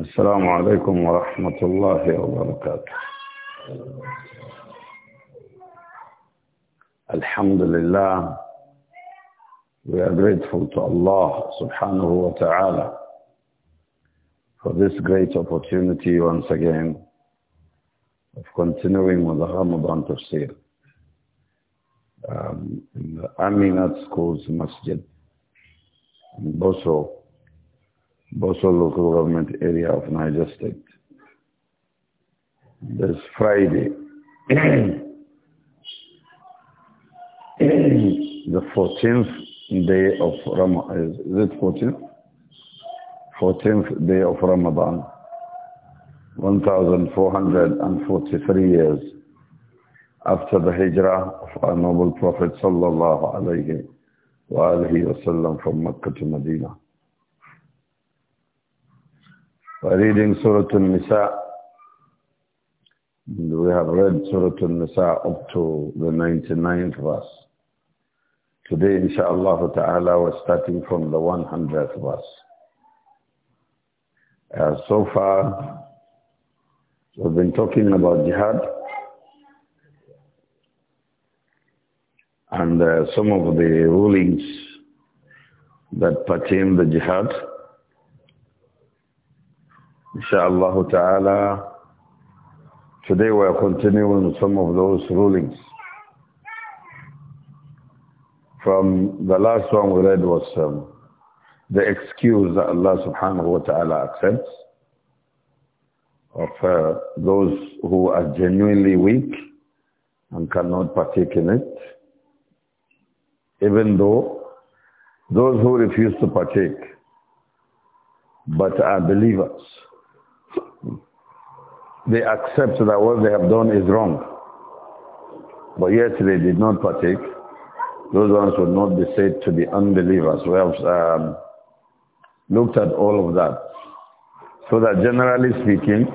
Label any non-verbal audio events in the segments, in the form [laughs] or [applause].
السلام عليكم ورحمة الله وبركاته Alhamdulillah, we are grateful to Allah subhanahu wa ta'ala for this great opportunity once again of continuing with the Ramadan Tafsir um, in the Aminat Schools Masjid in Boso, Boso local government area of Niger State. This Friday, [coughs] the 14th day of Ramadan, is it 14th? 14th day of Ramadan, 1443 years after the hijrah of our noble Prophet sallallahu alayhi wa alihi wasallam from Mecca to Medina reading Surah Al-Nisa. We have read Surah Al-Nisa up to the 99th verse. Today, inshallah ta'ala, we're starting from the 100th verse. Uh, so far, we've been talking about jihad. And uh, some of the rulings that pertain the jihad. Insha'Allah ta'ala, today we are continuing with some of those rulings. From the last one we read was um, the excuse that Allah subhanahu wa ta'ala accepts of uh, those who are genuinely weak and cannot partake in it, even though those who refuse to partake but are believers they accept that what they have done is wrong. But yet they did not partake. Those ones would not be said to be unbelievers. We have um, looked at all of that. So that generally speaking,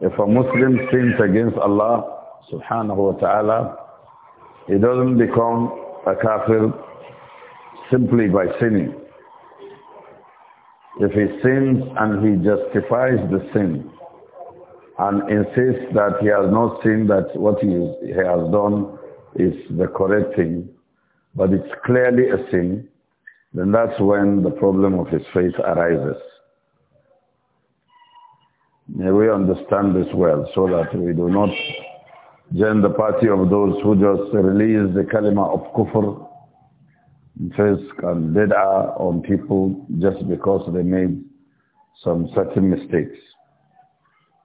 if a Muslim sins against Allah subhanahu wa ta'ala, he doesn't become a kafir simply by sinning. If he sins and he justifies the sin, and insists that he has not seen that what he, he has done is the correct thing, but it's clearly a sin, then that's when the problem of his faith arises. May we understand this well so that we do not join the party of those who just release the kalima of kufr, fisk and bid'ah on people just because they made some certain mistakes.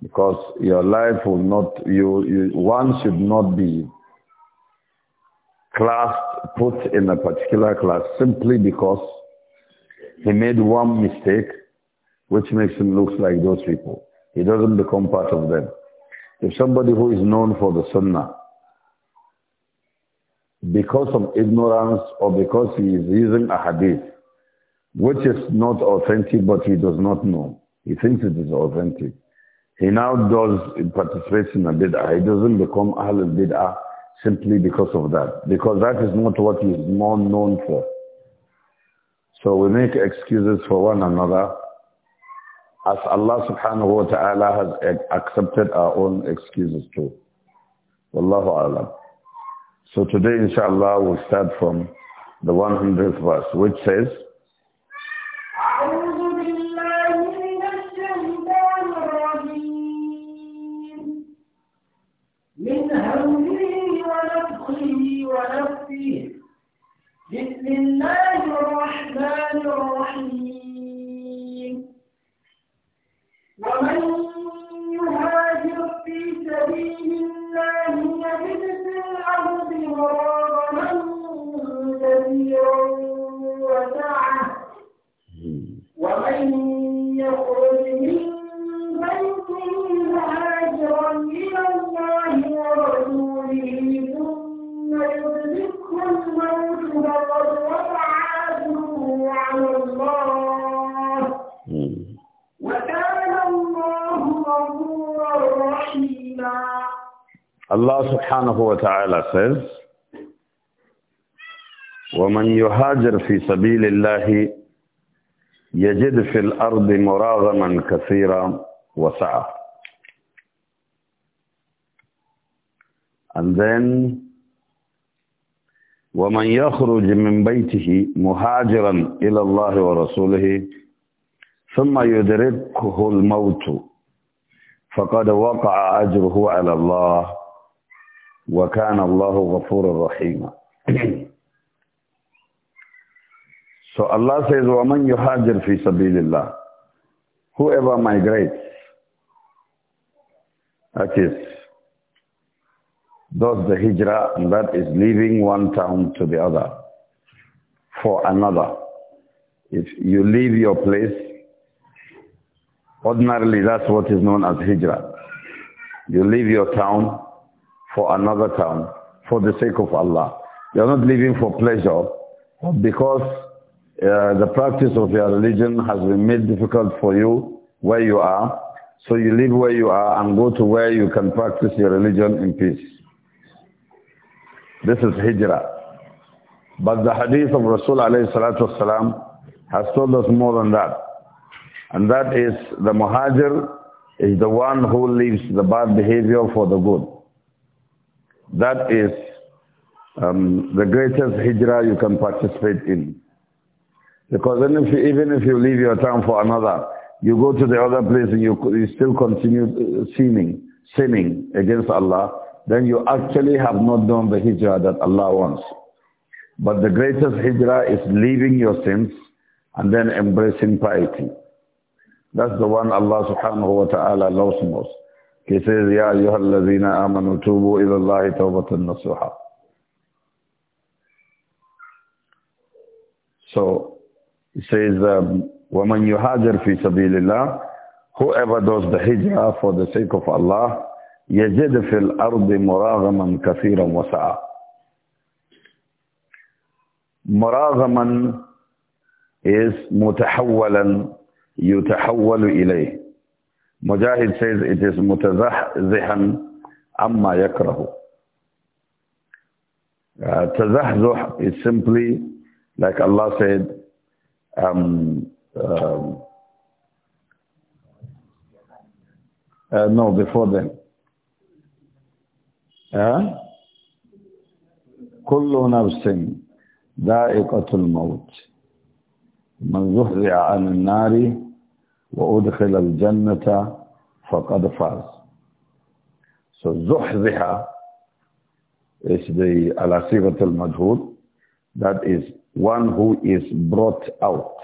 Because your life will not, you, you, one should not be classed, put in a particular class simply because he made one mistake which makes him look like those people. He doesn't become part of them. If somebody who is known for the sunnah, because of ignorance or because he is using a hadith, which is not authentic but he does not know, he thinks it is authentic, he now does participates in a bid'ah. He doesn't become al Bid'ah simply because of that. Because that is not what he is more known for. So we make excuses for one another as Allah subhanahu wa ta'ala has accepted our own excuses too. Wallahu alam. So today inshallah we'll start from the 100th verse which says, بسم الله الرحمن الرحيم ومن يهاجر في سبيل الله يجد في الأرض مراغما كثيرا وسعة ومن يخرج من بيته Allah subhanahu wa ta'ala says, وَمَنْ يُهَاجِرْ فِي سَبِيلِ اللَّهِ يَجِدْ فِي الْأَرْضِ مُرَاغَمًا كَثِيرًا وَسَعًا And then, وَمَنْ يَخْرُجْ مِنْ بَيْتِهِ مُهَاجِرًا إِلَى اللَّهِ وَرَسُولِهِ ثُمَّ يُدْرِكْهُ الْمَوْتُ فَقَدْ وَقَعَ أَجْرُهُ عَلَى اللَّهِ وكان الله So Allah says, وَمَنْ يُحَاجِرْ فِي سَبِيلِ اللَّهِ Whoever migrates, that is, does the hijrah, and that is leaving one town to the other for another. If you leave your place, ordinarily that's what is known as hijrah. You leave your town for another town for the sake of Allah. You're not living for pleasure because uh, the practice of your religion has been made difficult for you where you are. So you live where you are and go to where you can practice your religion in peace. This is hijrah. But the hadith of Rasul alayhi has told us more than that. And that is the muhajir is the one who leaves the bad behavior for the good. That is um, the greatest hijrah you can participate in. Because even if, you, even if you leave your town for another, you go to the other place and you, you still continue uh, sinning, sinning against Allah, then you actually have not done the hijrah that Allah wants. But the greatest hijrah is leaving your sins and then embracing piety. That's the one Allah subhanahu wa ta'ala loves most. He says, الذين آمنوا توبوا إلى الله توبة nasuha. So, he says, um, وَمَنْ يُهَاجِرْ فِي سَبِيلِ اللَّهِ Whoever does the hijrah for the sake of Allah, يَجِدْ فِي الْأَرْضِ مُرَاغَمًا كَثِيرًا وَسَعًا مُرَاغَمًا is مُتَحَوَّلًا يُتَحَوَّلُ إِلَيْهِ Mujahid says it is mutazahzihan amma yakrahu. Uh, tazahzuh is simply, like Allah said, um, um, uh, no, before then. Uh, كل نفس ذائقة الموت من زحزح عن النار وأدخل الجنة فقد فاز So زحزح is the على صيغة المجهول that is one who is brought out.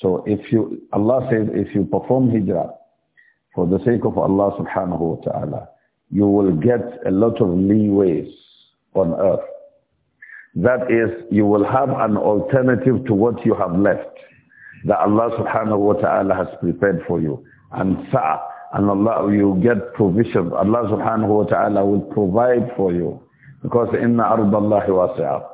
So if you, Allah says if you perform hijrah for the sake of Allah subhanahu wa ta'ala, you will get a lot of leeways on earth. That is, you will have an alternative to what you have left that Allah subhanahu wa ta'ala has prepared for you. And sa'a, and Allah, you get provision. Allah subhanahu wa ta'ala will provide for you. Because inna ardallahi wasi'a.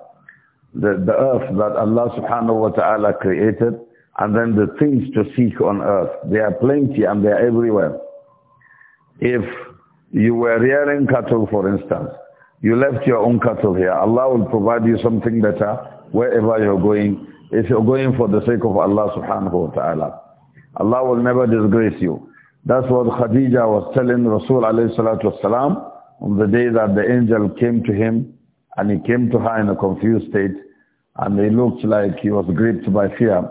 The, the earth that Allah subhanahu wa ta'ala created, and then the things to seek on earth, they are plenty and they are everywhere. If you were rearing cattle, for instance, you left your own cattle here, Allah will provide you something better wherever you're going if you're going for the sake of Allah subhanahu wa ta'ala. Allah will never disgrace you. That's what Khadija was telling Rasul alayhi salatu wasalam on the day that the angel came to him and he came to her in a confused state and he looked like he was gripped by fear.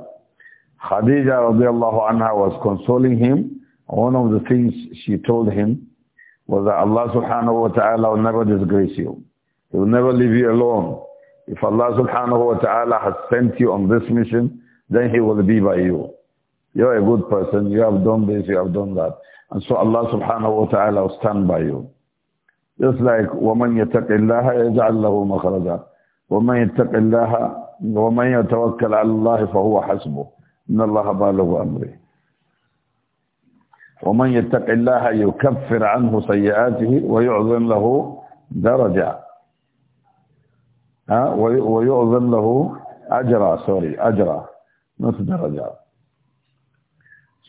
Khadija radiallahu anha was consoling him. One of the things she told him was that Allah subhanahu wa ta'ala will never disgrace you. He will never leave you alone. If Allah subhanahu wa ta'ala has sent you on this mission, then he will be by you. You're a good person, you have done this, you have done that. And so Allah subhanahu wa ta'ala will stand by you. Just like, وَمَنْ يَتَقِ اللَّهَ يَجْعَلْ لَهُ مَخْرَجًا وَمَنْ يَتَقِ اللَّهَ وَمَنْ يَتَوَكَّلْ عَلَى اللَّهِ فَهُوَ حَسْبُهُ إِنَّ اللَّهَ بَالِغُ أَمْرِهِ ومن يتق الله يكفر عنه سيئاته ويعظم له دَرَجًا ويؤذن له أجرا sorry أجرا not درجة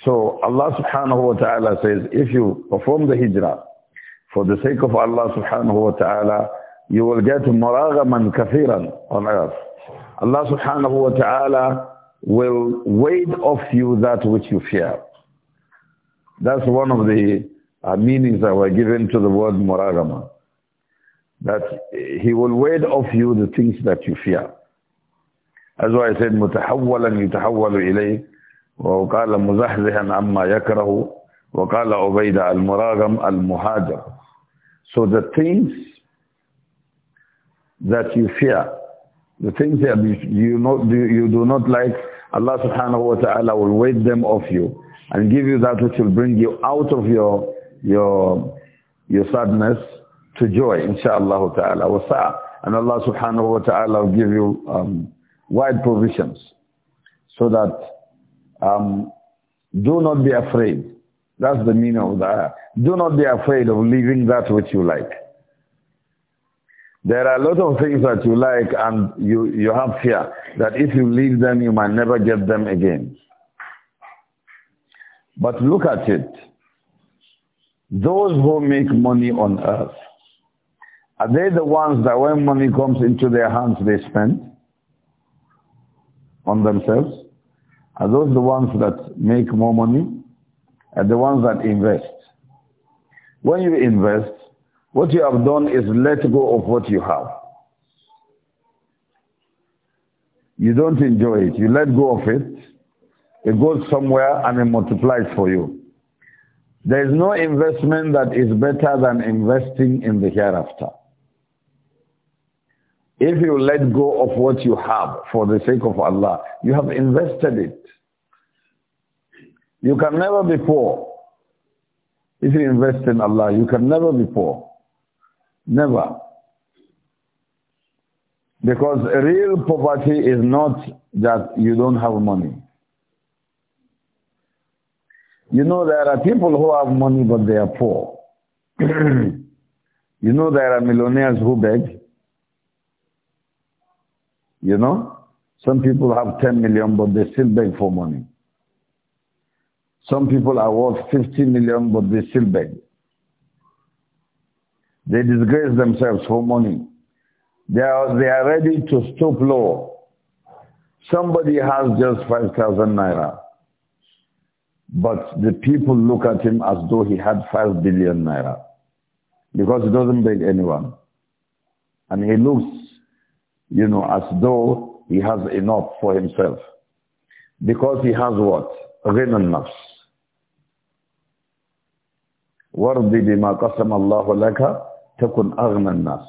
so Allah subhanahu wa ta'ala says if you perform the hijrah for the sake of Allah subhanahu wa ta'ala you will get muragaman kathiran on earth Allah subhanahu wa ta'ala will wade off you that which you fear that's one of the uh, meanings that were given to the word muragama that he will ward off you the things that you fear. That's why I said متحولا يتحول إليه وقال مزحزحا عما يكره وقال عبيد المراغم المهاجر. So the things that you fear, the things that you, not, you do not like, Allah subhanahu wa ta'ala will wade them off you and give you that which will bring you out of your, your, your sadness to joy, inshallah ta'ala. Wasa'a. And Allah subhanahu wa ta'ala will give you um, wide provisions so that um, do not be afraid. That's the meaning of that. Do not be afraid of leaving that which you like. There are a lot of things that you like and you, you have fear that if you leave them, you might never get them again. But look at it. Those who make money on earth, are they the ones that when money comes into their hands, they spend on themselves? Are those the ones that make more money? Are the ones that invest? When you invest, what you have done is let go of what you have. You don't enjoy it. You let go of it. It goes somewhere and it multiplies for you. There is no investment that is better than investing in the hereafter. If you let go of what you have for the sake of Allah, you have invested it. You can never be poor. If you invest in Allah, you can never be poor. Never. Because real poverty is not that you don't have money. You know there are people who have money but they are poor. [clears throat] you know there are millionaires who beg. You know, some people have 10 million, but they still beg for money. Some people are worth 50 million, but they still beg. They disgrace themselves for money. They are, they are ready to stoop low. Somebody has just 5,000 naira. But the people look at him as though he had 5 billion naira. Because he doesn't beg anyone. And he looks you know, as though he has enough for himself. Because he has what? غنى النفس. وَرْضِ بِمَا قَسَمَ اللَّهُ لَكَ تَكُنْ أَغْنَى النَّاسِ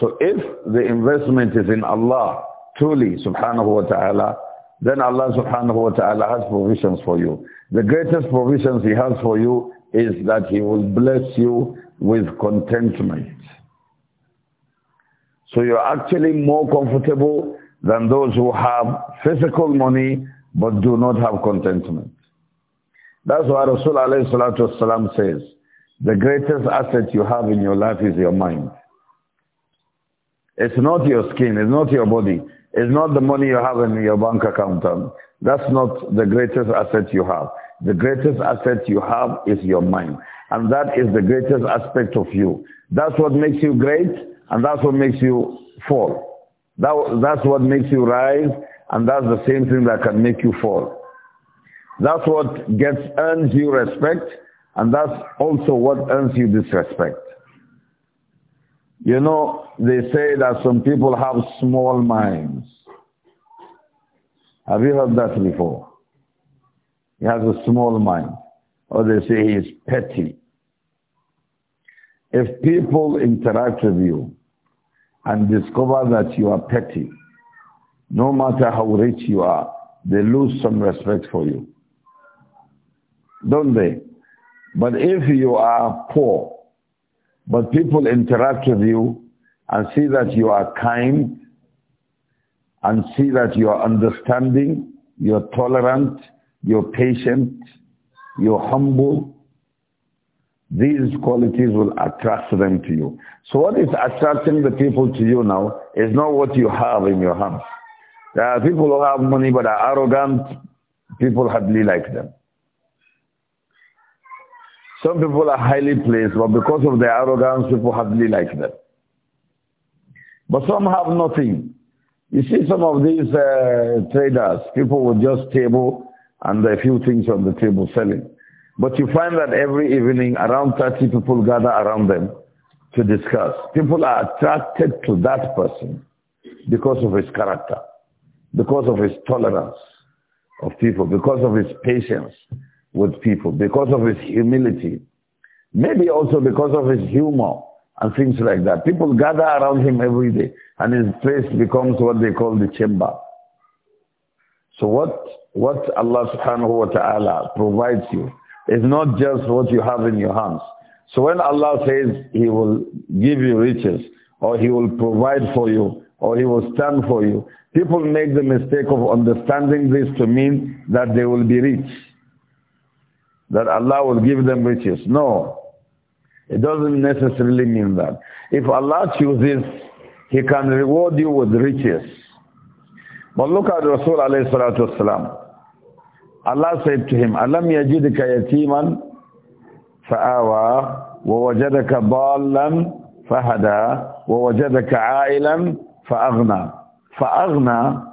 So if the investment is in Allah, truly, subhanahu wa ta'ala, then Allah subhanahu wa ta'ala has provisions for you. The greatest provisions he has for you is that he will bless you with contentment. So you're actually more comfortable than those who have physical money but do not have contentment. That's why Rasulullah says, the greatest asset you have in your life is your mind. It's not your skin, it's not your body, it's not the money you have in your bank account. Um, that's not the greatest asset you have. The greatest asset you have is your mind. And that is the greatest aspect of you. That's what makes you great. And that's what makes you fall. That, that's what makes you rise, and that's the same thing that can make you fall. That's what gets earns you respect, and that's also what earns you disrespect. You know, they say that some people have small minds. Have you heard that before? He has a small mind. Or they say he is petty. If people interact with you and discover that you are petty, no matter how rich you are, they lose some respect for you. Don't they? But if you are poor, but people interact with you and see that you are kind and see that you are understanding, you're tolerant, you're patient, you're humble, these qualities will attract them to you. So what is attracting the people to you now is not what you have in your hands. There are people who have money but are arrogant. People hardly like them. Some people are highly placed, but because of their arrogance, people hardly like them. But some have nothing. You see some of these uh, traders, people with just table and a few things on the table selling. But you find that every evening around 30 people gather around them to discuss. People are attracted to that person because of his character, because of his tolerance of people, because of his patience with people, because of his humility, maybe also because of his humor and things like that. People gather around him every day and his place becomes what they call the chamber. So what, what Allah subhanahu wa ta'ala provides you it's not just what you have in your hands. So when Allah says he will give you riches or he will provide for you or he will stand for you, people make the mistake of understanding this to mean that they will be rich. That Allah will give them riches. No. It doesn't necessarily mean that. If Allah chooses, he can reward you with riches. But look at Rasul alayhi salatu wasalam. Allah said to him, Alam yajidka yatiman fa'awa wa wajadaka dallan fahada wa wajadaka ailan fa'aghna. Fa'aghna,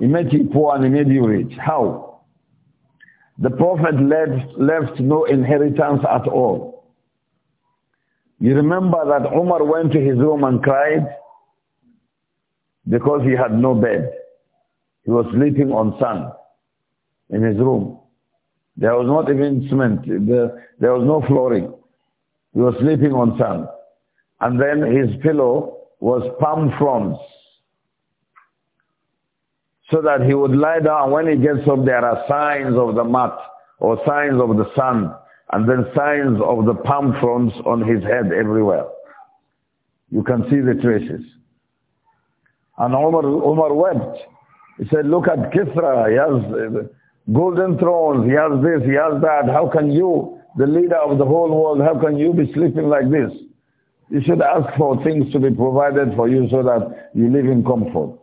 he you poor and he made you rich. How? The Prophet left, left no inheritance at all. You remember that Umar went to his room and cried because he had no bed. He was sleeping on sand in his room. There was not even cement. there was no flooring. He was sleeping on sand. And then his pillow was palm fronds. So that he would lie down. When he gets up, there are signs of the mat or signs of the sand, and then signs of the palm fronds on his head everywhere. You can see the traces. And Omar, Omar wept. He said, look at Kithra. He has golden thrones, he has this, he has that. How can you, the leader of the whole world, how can you be sleeping like this? You should ask for things to be provided for you so that you live in comfort.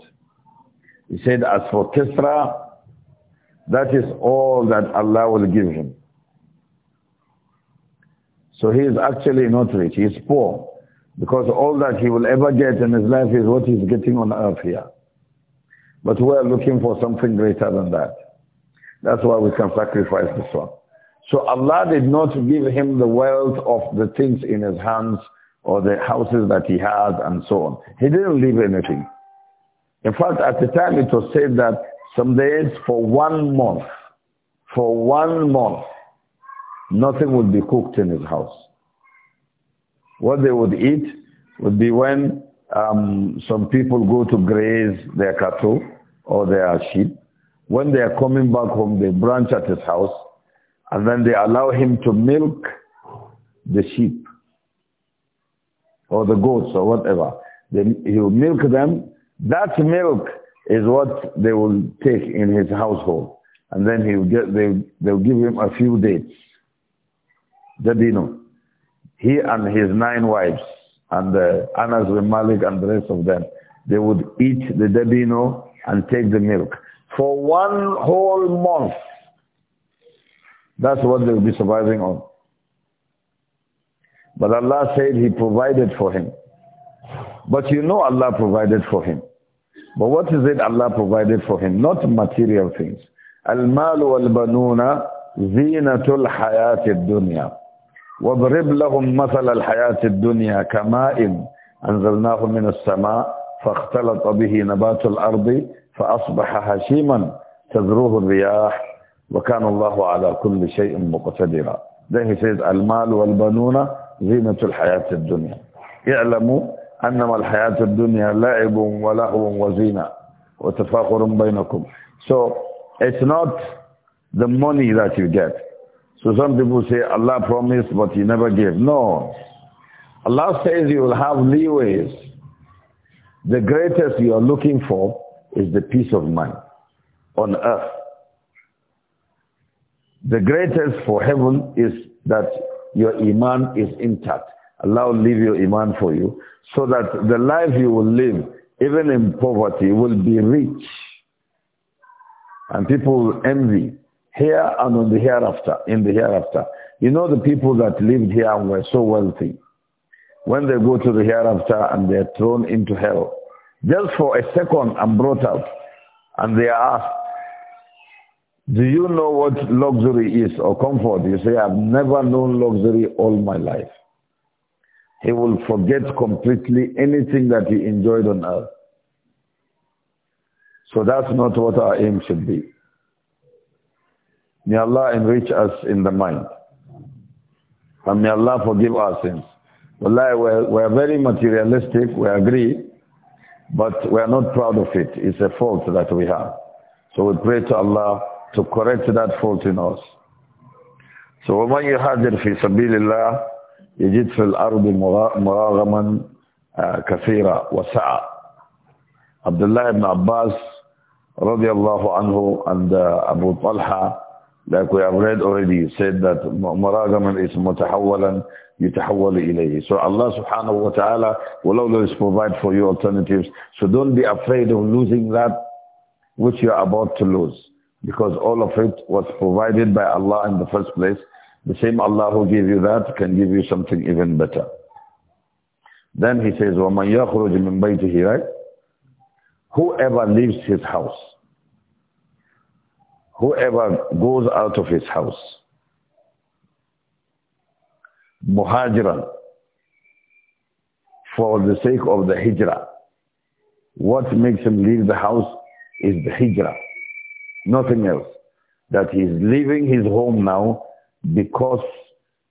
He said, as for Kisra, that is all that Allah will give him. So he is actually not rich, he is poor. Because all that he will ever get in his life is what he's getting on earth here. But we are looking for something greater than that. That's why we can sacrifice this one. So Allah did not give him the wealth of the things in his hands or the houses that he had and so on. He didn't leave anything. In fact, at the time it was said that some days for one month, for one month, nothing would be cooked in his house. What they would eat would be when um, some people go to graze their cattle or their sheep when they are coming back home, they branch at his house and then they allow him to milk the sheep or the goats or whatever. They, he will milk them. That milk is what they will take in his household. And then he will get, they, they'll give him a few dates. Jadino. He and his nine wives and uh, Anas bin Malik and the rest of them, they would eat the debino and take the milk for one whole month. That's what they'll be surviving on. But Allah said He provided for him. But you know Allah provided for him. But what is it Allah provided for him? Not material things. المال والبنون زينة الحياة الدنيا واضرب لهم مثل الحياة الدنيا كماء أنزلناه من السماء فاختلط به نبات الأرض فأصبح هشيما تذروه الرياح وكان الله على كل شيء مقتدرا ده سيد المال والبنون زينة الحياة الدنيا اعلموا أنما الحياة الدنيا لعب ولهو وزينة وتفاخر بينكم so it's not the money that you get so some people say Allah promised but he never gave no Allah says you will have leeways the greatest you are looking for is the peace of mind on earth. The greatest for heaven is that your iman is intact. Allah will leave your iman for you so that the life you will live, even in poverty, will be rich. And people will envy here and on the hereafter, in the hereafter. You know the people that lived here and were so wealthy. When they go to the hereafter and they're thrown into hell, just for a second i I'm brought up, And they are asked, do you know what luxury is or comfort? You say, I've never known luxury all my life. He will forget completely anything that he enjoyed on earth. So that's not what our aim should be. May Allah enrich us in the mind. And may Allah forgive our sins. Wallahi, we're very materialistic, we agree. But we are not proud of it. It's a fault that we have. So we pray to Allah to correct that fault in us. So وَمَنْ يُحَاجِرْ فِي سَبِيلِ اللَّهِ يَجِدْ فِي الْأَرْضِ مُرَاغَمًا كَثِيرًا وَسَعًا Abdullah ibn Abbas رضي الله عنه and uh, Abu Talha like we have read already, said that maragaman is mutahawalan yutahawwalu ilayhi. So Allah subhanahu wa ta'ala will always provide for you alternatives. So don't be afraid of losing that which you are about to lose. Because all of it was provided by Allah in the first place. The same Allah who gave you that can give you something even better. Then he says, وَمَنْ يَخْرُجْ مِنْ بَيْتِهِ Right? Whoever leaves his house whoever goes out of his house, muhajiran, for the sake of the hijrah, what makes him leave the house is the hijrah, nothing else. That he is leaving his home now because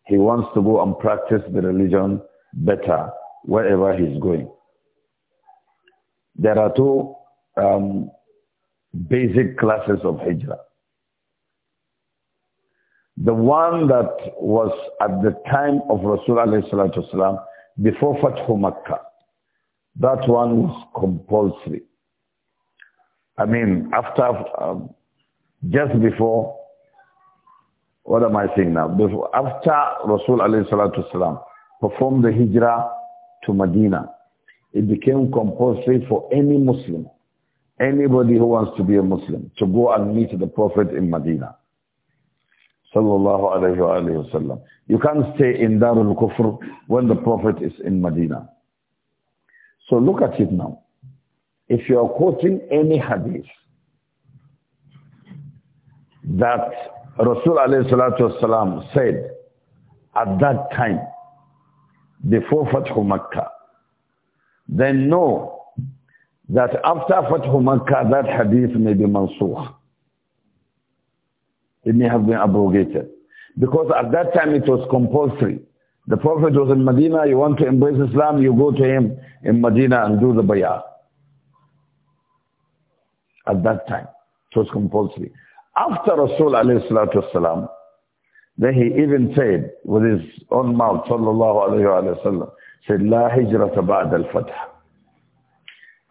he wants to go and practice the religion better wherever he's going. There are two um, basic classes of hijrah. The one that was at the time of Rasulullah before Fathu Makkah. That one was compulsory. I mean, after, um, just before, what am I saying now? Before, after Rasul performed the hijrah to Medina, it became compulsory for any Muslim, anybody who wants to be a Muslim, to go and meet the Prophet in Medina sallallahu alayhi wa, sallam. You can't stay in Darul Kufr when the Prophet is in Medina. So look at it now. If you are quoting any hadith that Rasul alayhi salatu wasalam said at that time, before Fathu Makkah, then know that after Fathu Makkah that hadith may be mansukh. It may have been abrogated. Because at that time it was compulsory. The Prophet was in Medina, you want to embrace Islam, you go to him in Medina and do the bayah. At that time, it was compulsory. After Rasul alayhi then he even said with his own mouth, sallallahu alayhi Wasallam, sallam, said, La hijrata ba'd al-fath.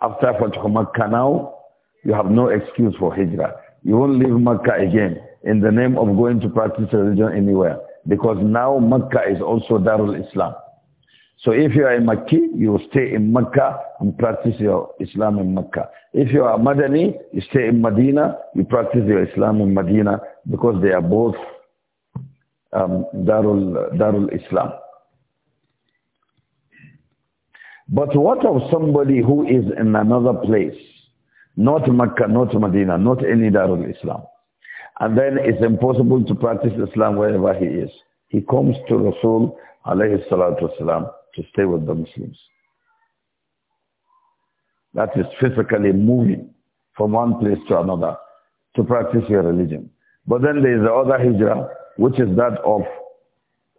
After Fatah Makkah now, you have no excuse for hijrah. You won't leave Makkah again in the name of going to practice religion anywhere. Because now Mecca is also Darul Islam. So if you are a Makki, you stay in Mecca and practice your Islam in Mecca. If you are Madani, you stay in Medina, you practice your Islam in Medina because they are both um, Darul, Darul Islam. But what of somebody who is in another place, not Mecca, not Medina, not any Darul Islam? And then it's impossible to practice Islam wherever he is. He comes to Rasul alayhi salatu wasalam to stay with the Muslims. That is physically moving from one place to another to practice your religion. But then there is the other hijrah, which is that of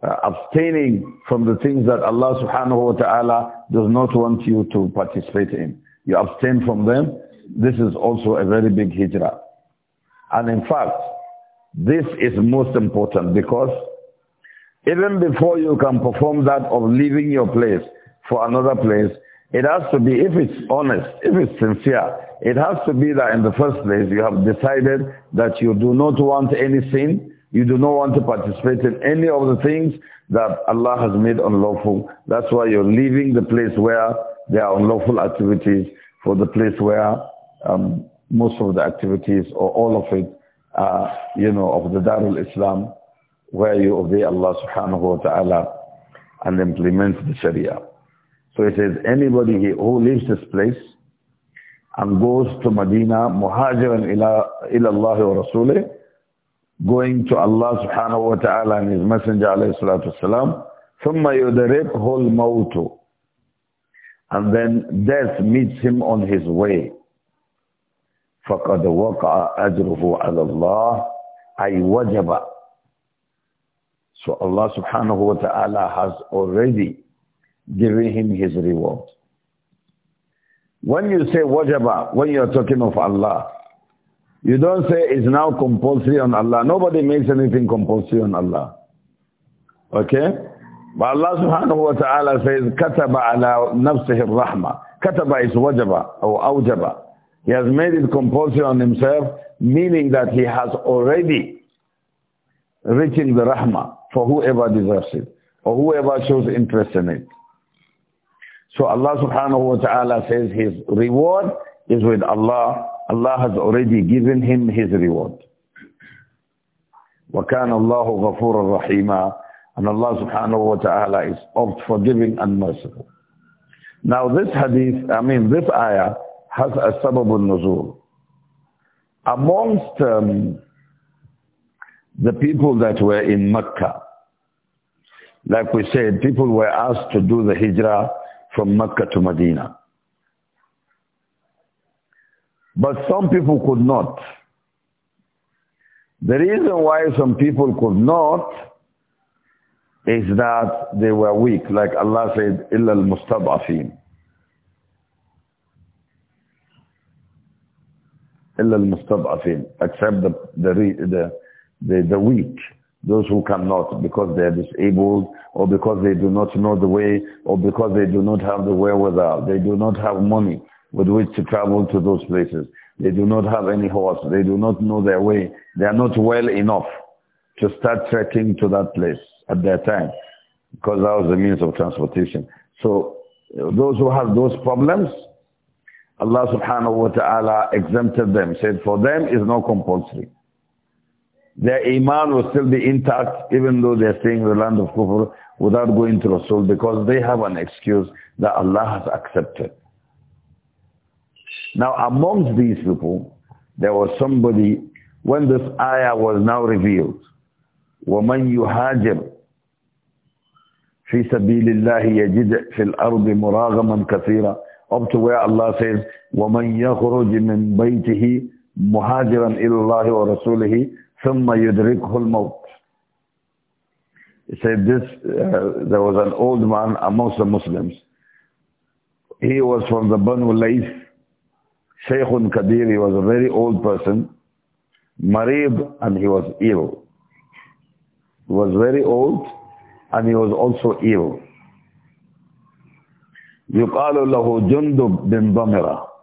uh, abstaining from the things that Allah subhanahu wa ta'ala does not want you to participate in. You abstain from them. This is also a very big hijrah. And in fact, this is most important because even before you can perform that of leaving your place for another place, it has to be, if it's honest, if it's sincere, it has to be that in the first place you have decided that you do not want any sin, you do not want to participate in any of the things that Allah has made unlawful. That's why you're leaving the place where there are unlawful activities for the place where um, most of the activities or all of it uh, you know, of the Darul Islam, where you obey Allah subhanahu wa ta'ala and implement the Sharia. So it says, anybody who leaves this place and goes to Medina, muhajiran ila, Allah wa Rasulih, going to Allah subhanahu wa ta'ala and His Messenger alayhi salatu wasalam, ثُمَّ يُدَرِبْهُ الْمَوْتُ And then death meets him on his way. فقد وقع أجره على الله أي وجب So Allah subhanahu wa ta'ala has already given him his reward. When you say wajaba, when you are talking of Allah, you don't say it's now compulsory on Allah. Nobody makes anything compulsory on Allah. Okay? But Allah subhanahu wa ta'ala says, كَتَبَ عَلَى نَفْسِهِ الرَّحْمَةِ Kataba is wajaba or awjaba. He has made it compulsory on himself, meaning that he has already reaching the rahmah for whoever deserves it or whoever shows interest in it. So Allah subhanahu wa ta'ala says his reward is with Allah. Allah has already given him his reward. وَكَانَ اللَّهُ غَفُورًا رَحِيمًا And Allah subhanahu wa ta'ala is of forgiving and merciful. Now this hadith, I mean this ayah, has a sababun nuzul. Amongst um, the people that were in Mecca, like we said, people were asked to do the hijrah from Mecca to Medina. But some people could not. The reason why some people could not is that they were weak, like Allah said, إِلَّا الْمُسْتَضْعَفِينَ إِلَّا الْمُسْتَضْعَفِينَ Except the, the, the, the, weak, those who cannot because they are disabled or because they do not know the way or because they do not have the wherewithal. They do not have money with which to travel to those places. They do not have any horse. They do not know their way. They are not well enough to start trekking to that place at that time because that was the means of transportation. So uh, those who have those problems, Allah subhanahu wa ta'ala exempted them, said for them is no compulsory. Their iman will still be intact even though they're staying in the land of kufr without going to Rasul because they have an excuse that Allah has accepted. Now amongst these people, there was somebody, when this ayah was now revealed, وَمَنْ يُهَاجِرْ فِي سَبِيلِ اللَّهِ يَجِدْ فِي الْأَرْضِ مُرَاغَمًا كَثِيرًا up to where Allah says, وَمَنْ يَخْرُجْ مِنْ بَيْتِهِ مُهَاجِرًا إِلَى اللَّهِ وَرَسُولِهِ ثُمَّ يُدْرِكْهُ الْمَوْتِ He said this, uh, there was an old man amongst the Muslims. He was from the Banu Layth. Shaykhun Kadir. he was a very old person. Marib, and he was ill. He was very old, and he was also ill. يقال له جندب بن ضمرة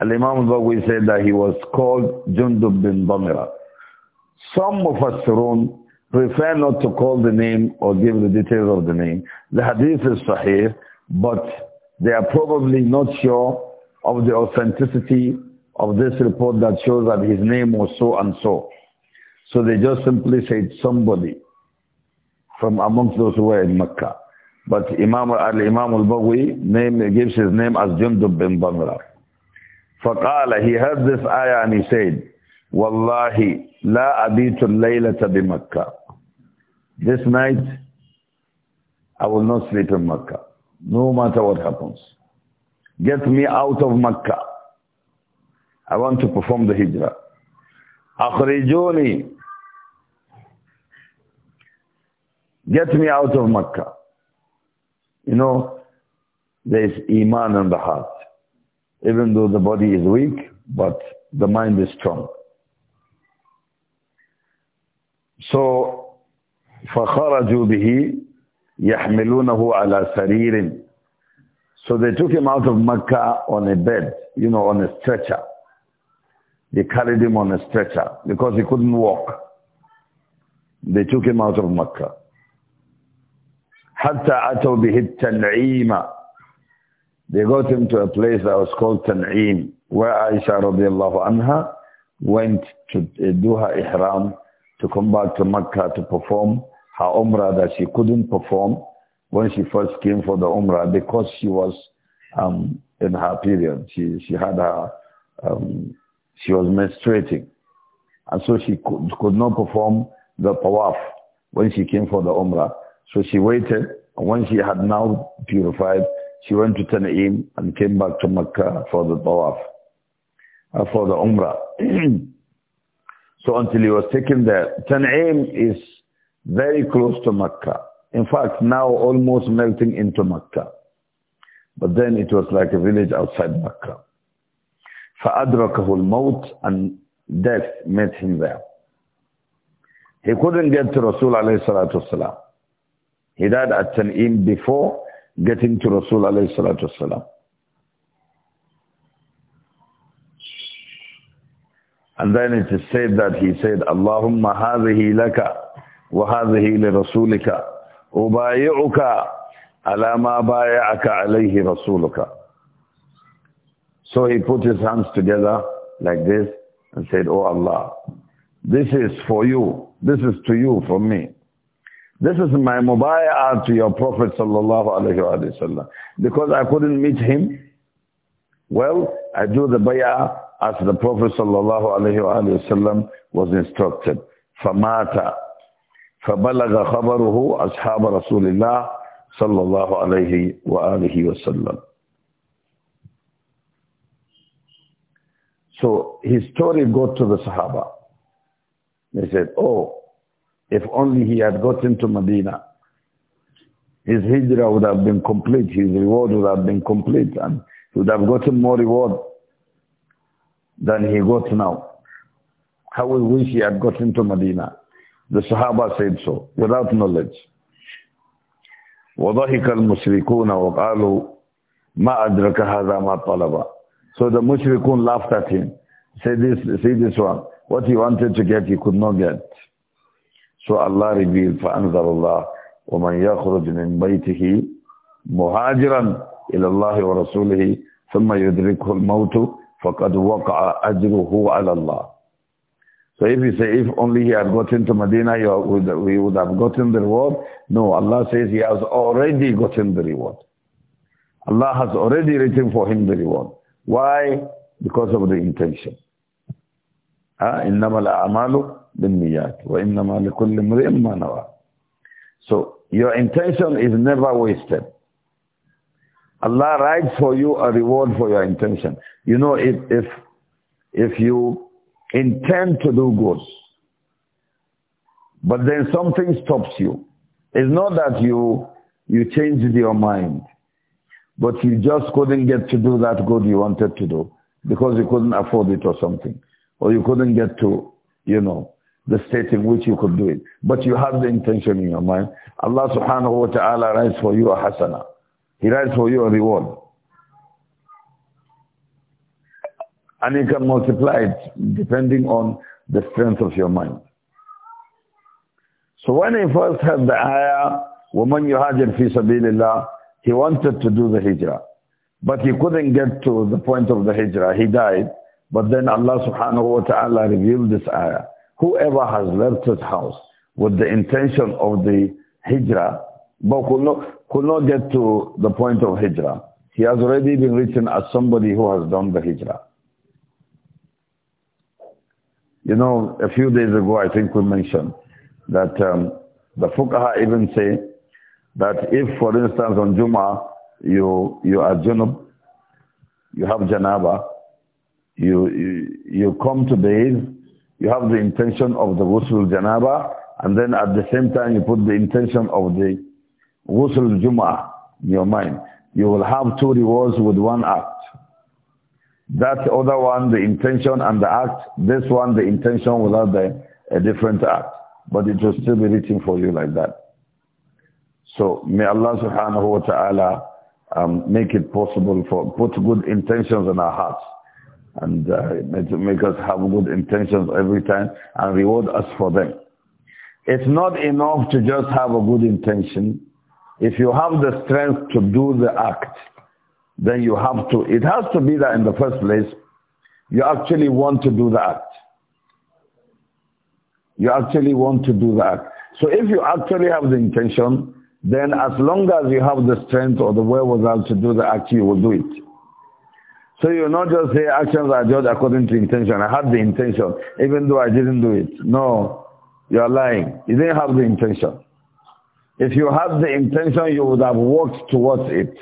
Al-Imam said that he was called Jundub bin Bamira. Some Mufassirun prefer not to call the name or give the details of the name. The hadith is sahih, but they are probably not sure of the authenticity of this report that shows that his name was so and so. So they just simply said somebody from amongst those who were in Mecca. But Imam al-Imam al-Bagwi name, gives his name as Jundub bin Bamra. فقال, he heard this ayah and he said, Wallahi, la abitu laylata bi Makkah. This night, I will not sleep in Makkah, no matter what happens. Get me out of Makkah. I want to perform the hijrah. أخرجوني. Get me out of Makkah. You know, there is iman in the heart. Even though the body is weak, but the mind is strong. So, فَخَرَجُوا بِهِ يَحْمِلُونَهُ عَلَى سَرِيرٍ So they took him out of Mecca on a bed, you know, on a stretcher. They carried him on a stretcher because he couldn't walk. They took him out of Mecca. Hatta ataw tan'ima. They got him to a place that was called Tan'im, where Aisha radiallahu anha went to uh, do her ihram to come back to Mecca to perform her umrah that she couldn't perform when she first came for the umrah because she was um, in her period. She, she had her, um, she was menstruating. And so she could, could not perform the tawaf when she came for the umrah. So she waited. And when she had now purified, she went to Tana'im and came back to Mecca for the tawaf, uh, for the Umrah. [clears throat] so until he was taken there, Tana'im is very close to Mecca. In fact, now almost melting into Mecca. But then it was like a village outside Mecca. فَأَدْرَكَهُ الْمَوْتِ And death met him there. He couldn't get to Rasul alayhi salatu wasalam. He died at Tan'im before getting to Rasul alayhi salatu wasalam. And then it is said that he said, Allahumma hadhihi laka wa hadhihi li rasulika ubayi'uka ala ma bay'aka alayhi rasuluka. So he put his hands together like this and said, Oh Allah, this is for you. This is to you from me. This is my mubay'ah to your Prophet sallallahu alayhi wasallam. Because I couldn't meet him, well, I do the bay'ah as the Prophet sallallahu alayhi wasallam was instructed. فَمَاتَ فَبَلَغَ خَبَرُهُ أَصْحَابَ رَسُولِ اللَّهِ صلى wa عليه وآله So his story got to the Sahaba. They said, oh, if only he had gotten to Medina, his hijrah would have been complete, his reward would have been complete, and he would have gotten more reward than he got now. How we wish he had gotten to Medina. The Sahaba said so, without knowledge. وضحك المشركون وقالوا ما أدرك هذا ما طلب So the mushrikun laughed at him. Say this, say this one. What he wanted to get, he could not get. So Allah revealed, فَأَنْزَلَ اللَّهِ وَمَنْ يَخْرُجْ مِنْ بَيْتِهِ مُهَاجِرًا إِلَى اللَّهِ وَرَسُولِهِ ثُمَّ يُدْرِكْهُ الْمَوْتُ فَقَدْ وَقَعَ أَجْرُهُ عَلَى اللَّهِ So if you say, if only he had gotten to Medina, you would, we would have gotten the reward. No, Allah says he has already gotten the reward. Allah has already written for him the reward. Why? Because of the intention. إِنَّمَا الْأَعْمَالُ بالنيات وإنما لكل امرئ ما نوى So your intention is never wasted. Allah writes for you a reward for your intention. You know, if, if, if you intend to do good, but then something stops you. It's not that you, you changed your mind, but you just couldn't get to do that good you wanted to do because you couldn't afford it or something, or you couldn't get to, you know, the state in which you could do it. But you have the intention in your mind. Allah subhanahu wa ta'ala writes for you a hasana. He writes for you a reward. And you can multiply it depending on the strength of your mind. So when he first had the ayah, وَمَنْ يُهَاجِرْ فِي سَبِيلِ اللَّهِ He wanted to do the hijrah. But he couldn't get to the point of the hijrah. He died. But then Allah subhanahu wa ta'ala revealed this ayah whoever has left his house with the intention of the hijrah, but could not, could not get to the point of hijrah, he has already been written as somebody who has done the hijrah. You know, a few days ago, I think we mentioned that um, the fuqaha even say that if, for instance, on Juma, you, you are junub, you have janaba, you, you, you come to bathe, you have the intention of the ghusl janaba and then at the same time you put the intention of the ghusl Juma in your mind. You will have two rewards with one act. That other one, the intention and the act. This one, the intention without the, a different act. But it will still be written for you like that. So may Allah subhanahu wa ta'ala um, make it possible for, put good intentions in our hearts and uh, make us have good intentions every time and reward us for them. It's not enough to just have a good intention. If you have the strength to do the act, then you have to, it has to be that in the first place, you actually want to do the act. You actually want to do that. So if you actually have the intention, then as long as you have the strength or the wherewithal to do the act, you will do it. So you are not just say actions are judged according to intention. I had the intention, even though I didn't do it. No, you are lying. You didn't have the intention. If you had the intention, you would have worked towards it.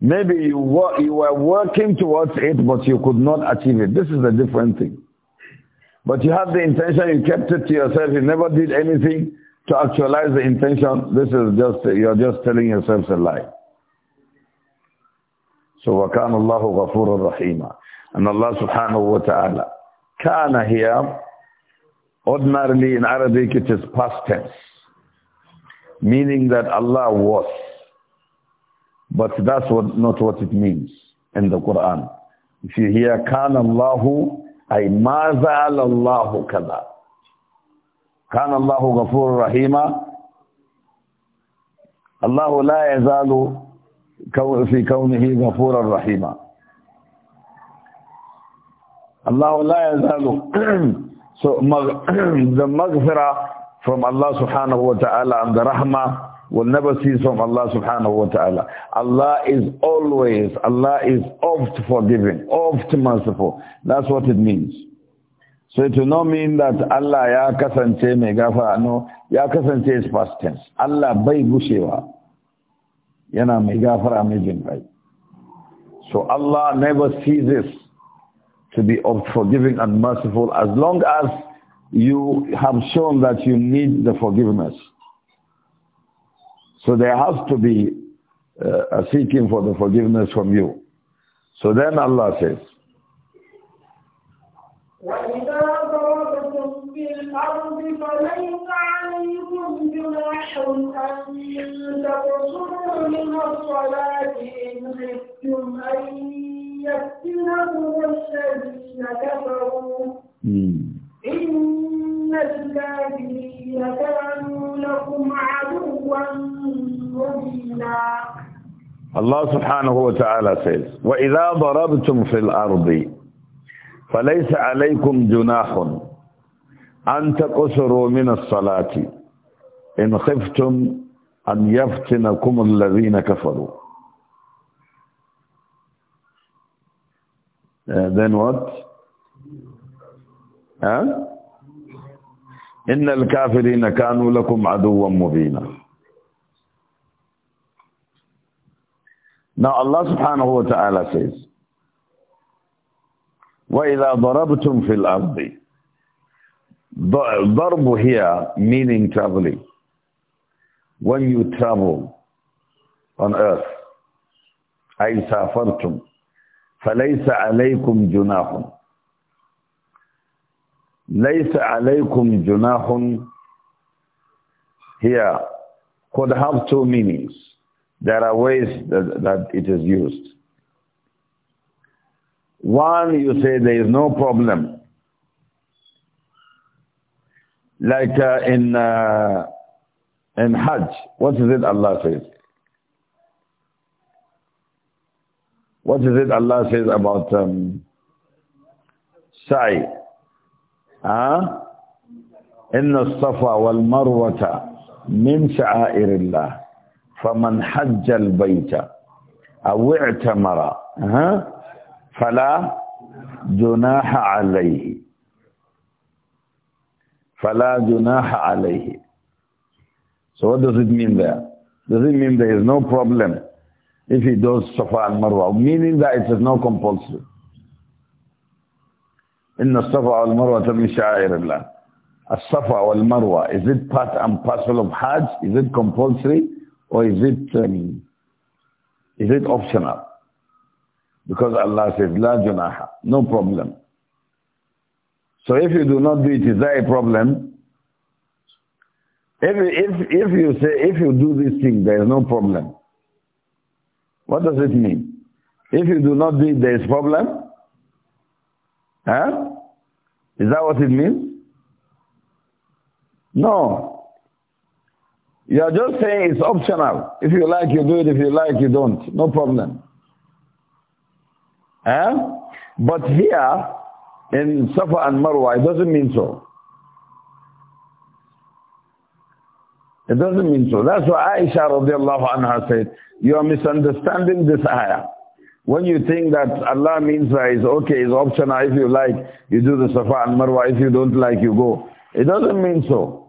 Maybe you were, you were working towards it, but you could not achieve it. This is a different thing. But you had the intention, you kept it to yourself, you never did anything to actualize the intention. This is just, you're just telling yourself a lie. سو كان اللَّهُ غَفُورًا رَحِيمًا ان الله سبحانه وتعالى كان هي ordinarily in Arabic it is past tense. Meaning that Allah was. But that's what, not what it means in the Quran. If you hear كان الله اي ما زال الله كذا كان الله ghafur rahima. الله لا يزال في كونه غفورا رحيما الله لا يزال so [clears throat] [clears throat] the maghfirah from Allah subhanahu wa ta'ala and the rahmah will never cease from Allah subhanahu wa ta'ala. Allah is always, Allah is oft forgiving, oft merciful. That's what it means. So it will not mean that Allah ya kasance mai gafara, no, ya kasance is past tense. Allah bai gushewa yana mai gafara mai jin so Allah never ceases to be of forgiving and merciful as long as you have shown that you need the forgiveness so there has to be uh, a seeking for the forgiveness from you so then Allah says وَإِذَا ضَرَبْتُمْ فِي الْأَرْضِ لكم أن تقصروا من الصلاة إن خفتم أن يفتنكم الذين كفروا إن الكافرين كانوا لكم عدوا مبينا الله سبحانه وتعالى says وإذا ضربتم في الأرض فليس عليكم جناح أن تقصروا من الصلاة إن خفتم أن يفتنكم الذين كفروا uh, then what huh? إن الكافرين كانوا لكم عدوا مبينا Now Allah subhanahu wa ta'ala says, وَإِذَا ضَرَبْتُمْ فِي الْأَرْضِ ضرب here meaning traveling. when you travel on earth, أي سافرتم فليس عليكم Junahun. ليس عليكم جناح here could have two meanings. There are ways that, that it is used. One, you say there is no problem. Like uh, in... Uh, in Hajj, what is it Allah says? What is it Allah says about um, Sa'i? Huh? إن الصفا والمروة من شعائر الله فمن حج البيت أو اعتمر فلا جناح عليه فلا جناح عليه So what does it mean there? Does it mean there is no problem if he does Safa and Marwa? Meaning that it is not compulsory. al-marwa الصفا والمروة من A safa al-marwa is it part and parcel of Hajj? Is it compulsory? Or is it, um, is it optional? Because Allah says, La جناح, no problem. So if you do not do it, is that a problem? If, if, if you say, if you do this thing, there is no problem. What does it mean? If you do not do it, there is problem? Huh? Is that what it means? No. You are just saying it's optional. If you like, you do it. If you like, you don't. No problem. Huh? But here, in Safa and Marwa, it doesn't mean so. It doesn't mean so. That's why Aisha radiallahu anha said, you are misunderstanding this ayah. When you think that Allah means that it's okay, it's optional, if you like, you do the Safa and Marwa, if you don't like, you go. It doesn't mean so.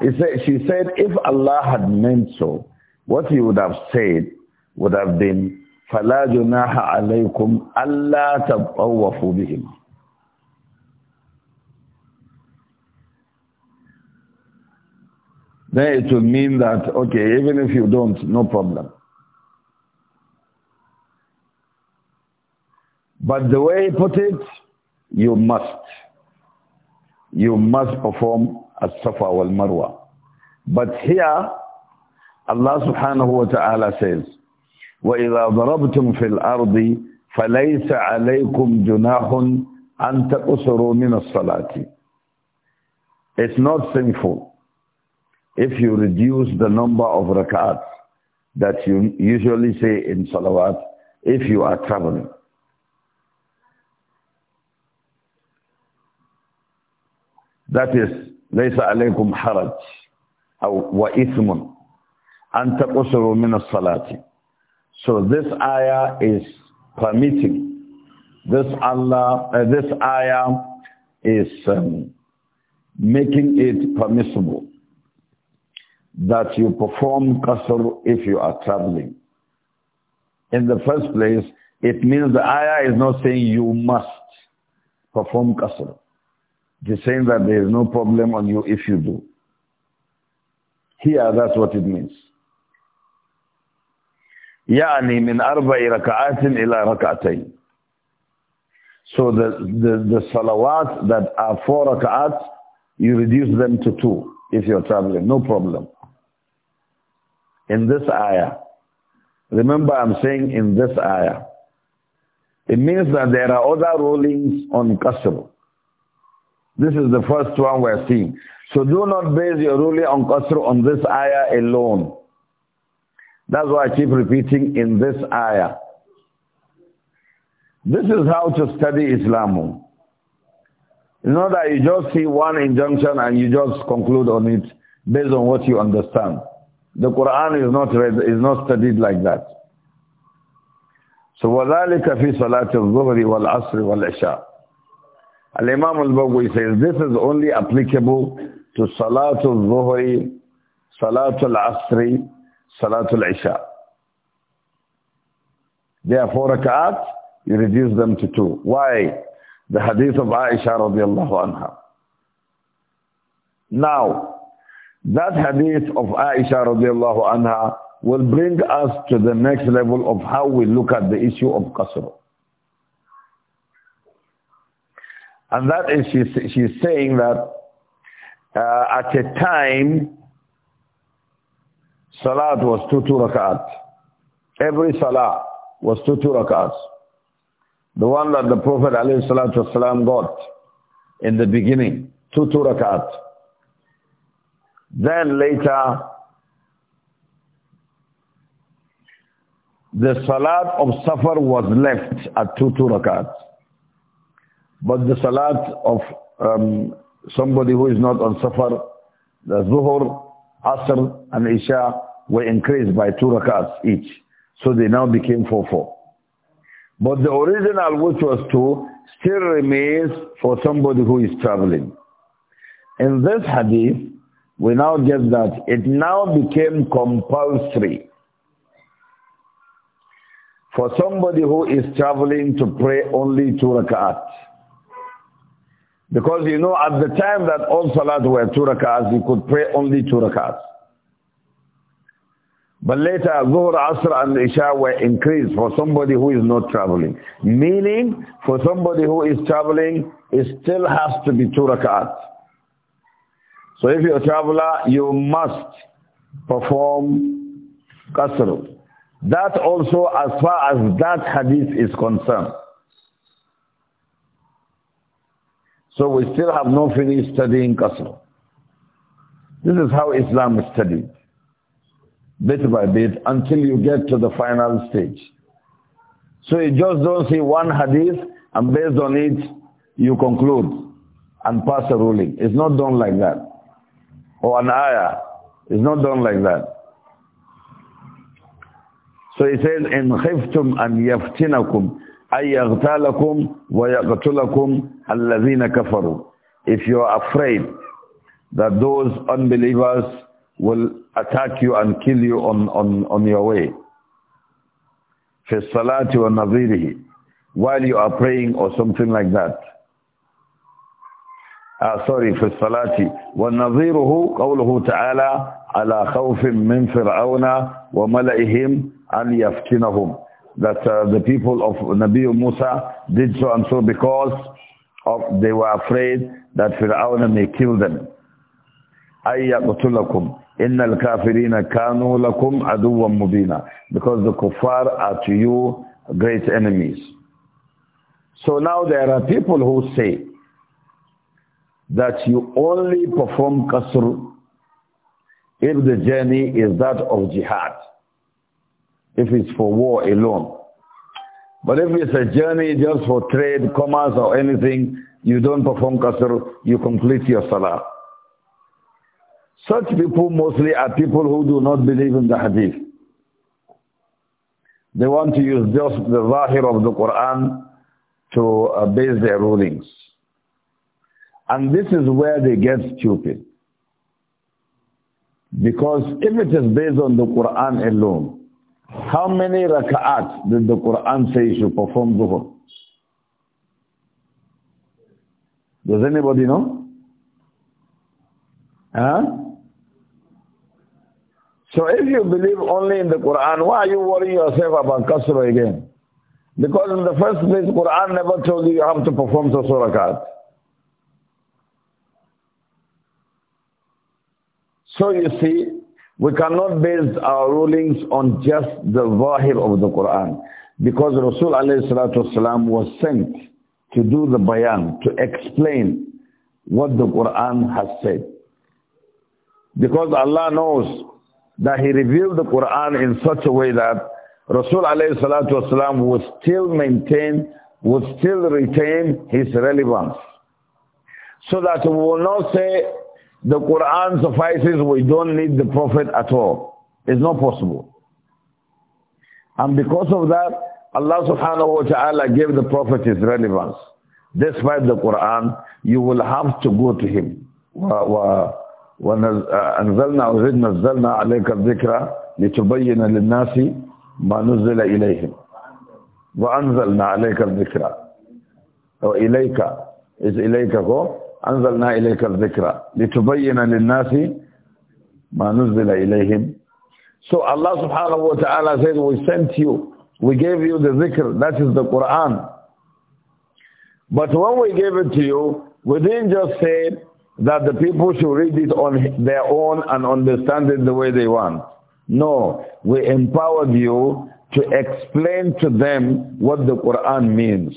Said, she said, if Allah had meant so, what he would have said would have been, فَلَا جُنَاحَ عَلَيْكُمْ أَلَّا تَطَوَّفُوا بِهِمَا then it will mean that, okay, even if you don't, no problem. But the way he put it, you must. You must perform as-safa wal-marwa. But here, Allah subhanahu wa ta'ala says, وَإِذَا ضَرَبْتُمْ فِي الْأَرْضِ فَلَيْسَ عَلَيْكُمْ جُنَاحٌ أَن تَقُصُرُوا مِنَ الصَّلَاةِ It's not sinful if you reduce the number of rak'ats that you usually say in salawat if you are traveling. That is, ليس عليكم حرج أو وإثم أن تقصروا من الصلاة. So this ayah is permitting. This Allah, uh, this ayah is um, making it permissible that you perform qasr if you are traveling. In the first place, it means the ayah is not saying you must perform qasr. It is saying that there is no problem on you if you do. Here, that's what it means. يعني من أربع ركعات إلى ركعتين. So the, the, the salawat that are four rak'at, you reduce them to two if you're traveling, no problem in this ayah. Remember I'm saying in this ayah. It means that there are other rulings on qasr. This is the first one we're seeing. So do not base your ruling on qasr on this ayah alone. That's why I keep repeating in this ayah. This is how to study Islam. You know that you just see one injunction and you just conclude on it based on what you understand. The Quran is not read, is not studied like that. So وَذَلِكَ فِي صَلَاةِ الظُّهْرِ وَالْعَصْرِ وَالْعِشَاءِ Al-Imam Bukhari says this is only applicable to Salatul Zuhri, Salatul Asri, Salatul Isha. There are four rak'at, you reduce them to two. Why? The hadith of Aisha radiallahu anha. Now, that hadith of Aisha radiallahu anha will bring us to the next level of how we look at the issue of qasr. And that is, she's, she's saying that uh, at a time, salat was two, two rakat. Every salah was two, two The one that the Prophet ﷺ got in the beginning, two, two rakat. Then later, the salat of Safar was left at two, two rakats. But the salat of um, somebody who is not on Safar, the Zuhur, Asr and Isha were increased by two rakats each. So they now became four, four. But the original, which was two, still remains for somebody who is traveling. In this hadith, we now get that it now became compulsory for somebody who is traveling to pray only two rak'at. Because you know, at the time that all salat were two rak'ahs, you could pray only two rakat. But later, Zuhr, Asr and Isha were increased for somebody who is not traveling. Meaning, for somebody who is traveling, it still has to be two rak'ahs. So if you're a traveler, you must perform qasrul. That also as far as that hadith is concerned. So we still have not finished studying qasrul. This is how Islam is studied, bit by bit, until you get to the final stage. So you just don't see one hadith and based on it you conclude and pass a ruling. It's not done like that or an ayah. It's not done like that. So he says, "In خِفْتُمْ أَنْ yaftinakum, أَنْ يَغْتَالَكُمْ al الَّذِينَ kafaru. If you are afraid that those unbelievers will attack you and kill you on, on, on your way. فِي الصَّلَاةِ وَنَظِيرِهِ While you are praying or something like that. uh, sorry في الصلاة ونظيره قوله تعالى على خوف من فرعون وملئهم أن يفتنهم that uh, the people of Nabi Musa did so and so because of they were afraid that Fir'aun may kill them أي يقتلكم إن الكافرين كانوا لكم عدوا مبينا because the kuffar are to you great enemies so now there are people who say that you only perform qasr if the journey is that of jihad, if it's for war alone. But if it's a journey just for trade, commerce or anything, you don't perform qasr, you complete your salah. Such people mostly are people who do not believe in the hadith. They want to use just the zahir of the Quran to uh, base their rulings. And this is where they get stupid. Because if it is based on the Quran alone, how many rakahs did the Quran say you should perform duhur? Does anybody know? Huh? So if you believe only in the Quran, why are you worrying yourself about Kasra again? Because in the first place, Quran never told you you have to perform the rakat. So you see, we cannot base our rulings on just the zahir of the Quran. Because Rasul والسلام, was sent to do the bayan, to explain what the Quran has said. Because Allah knows that He revealed the Quran in such a way that Rasul والسلام, would still maintain, would still retain his relevance. So that we will not say the Quran suffices, we don't need the Prophet at all. It's not possible. And because of that, Allah subhanahu wa ta'ala gave the Prophet his relevance. Despite the Quran, you will have to go to him. وأنزلنا وزيد نزلنا عليك الذكرى لتبين للناس ما نزل إليهم وأنزلنا عليك الذكرى وإليك is إليك هو أنزلنا إليك الذكرى لتبين للناس ما نزل إليهم So Allah subhanahu wa ta'ala said, we sent you, we gave you the zikr, that is the Quran. But when we gave it to you, we didn't just say that the people should read it on their own and understand it the way they want. No, we empowered you to explain to them what the Quran means.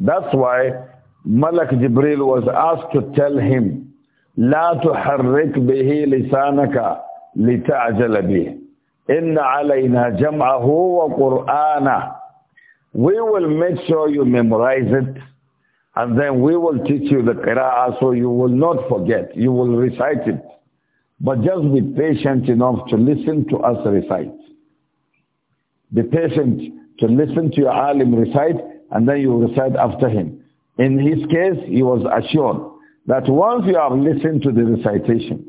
That's why Malak Jibril was asked to tell him, لا تحرك به لسانك لتعجل به إن علينا جمعه وقرآنا. We will make sure you memorize it and then we will teach you the qira'ah so you will not forget. You will recite it. But just be patient enough to listen to us recite. Be patient to listen to your alim recite and then you recite after him. In his case, he was assured that once you have listened to the recitation,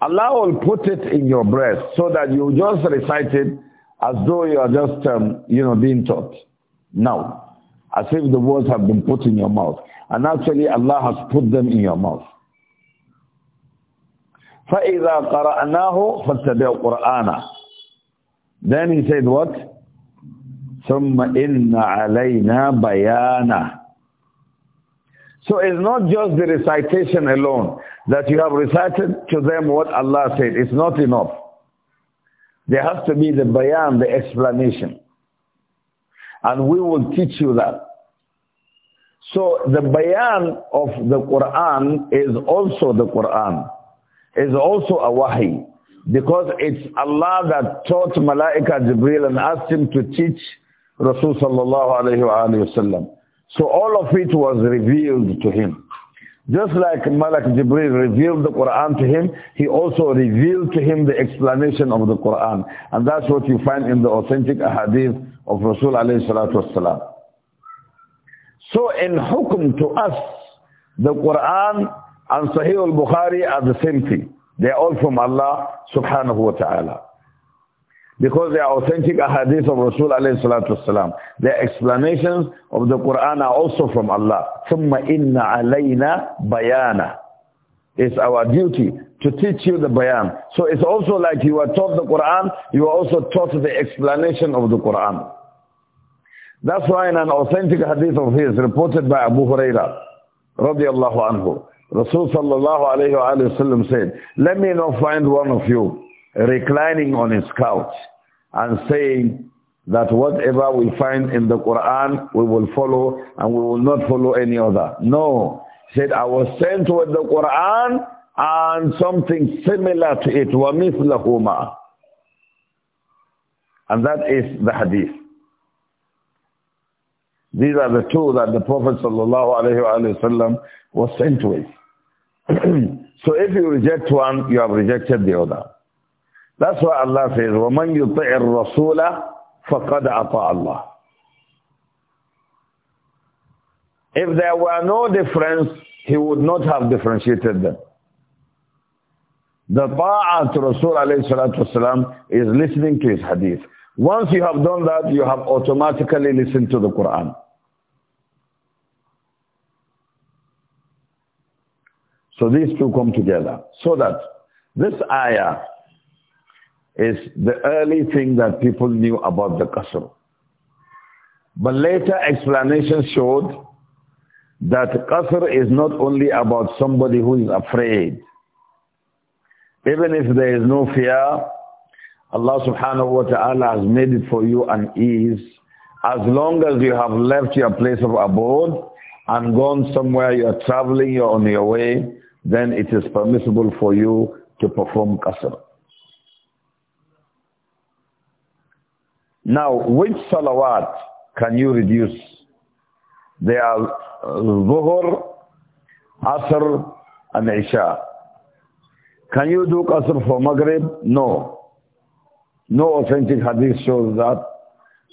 Allah will put it in your breast so that you just recite it as though you are just, um, you know, being taught. Now, as if the words have been put in your mouth. And actually Allah has put them in your mouth. فَإِذَا قَرَأْنَاهُ فَاتَّبِعْ قُرْآنَ Then he said what? ثُمَّ إِنَّ عَلَيْنَا بَيَانَهُ so it's not just the recitation alone that you have recited to them what Allah said. It's not enough. There has to be the bayan, the explanation. And we will teach you that. So the bayan of the Quran is also the Quran, is also a wahi. Because it's Allah that taught Malaika Jibril and asked him to teach Rasulullah sallallahu alayhi wa so all of it was revealed to him. Just like Malak Jibril revealed the Quran to him, he also revealed to him the explanation of the Quran. And that's what you find in the authentic ahadith of Rasul alayhi salatu wasalam. So in hukum to us, the Quran and Sahih al-Bukhari are the same thing. They are all from Allah subhanahu wa ta'ala because they are authentic ahadith of Rasul alayhi salatu wasalam. Their explanations of the Quran are also from Allah. ثُمَّ إِنَّ عَلَيْنَا bayana. It's our duty to teach you the bayan. So it's also like you are taught the Quran, you are also taught the explanation of the Quran. That's why in an authentic hadith of his reported by Abu Huraira, radiallahu anhu, Rasul sallallahu alayhi wa sallam said, let me not find one of you reclining on his couch and saying that whatever we find in the Quran, we will follow and we will not follow any other. No. He said, I was sent with the Quran and something similar to it, وَمِثْلَهُمَا And that is the hadith. These are the two that the Prophet ﷺ was sent with. [clears throat] so if you reject one, you have rejected the other. That's why Allah says, وَمَنْ يُطِعِ الرَّسُولَ فَقَدْ اللَّهِ If there were no difference, he would not have differentiated them. The ta'at Rasul alayhi is listening to his hadith. Once you have done that, you have automatically listened to the Quran. So these two come together. So that this ayah is the early thing that people knew about the qasr. But later explanations showed that qasr is not only about somebody who is afraid. Even if there is no fear, Allah subhanahu wa ta'ala has made it for you an ease. As long as you have left your place of abode and gone somewhere you are traveling, you're on your way, then it is permissible for you to perform qasr. Now, which salawat can you reduce? They are uh, Zuhur, Asr, and Isha. Can you do Qasr for Maghrib? No. No authentic hadith shows that.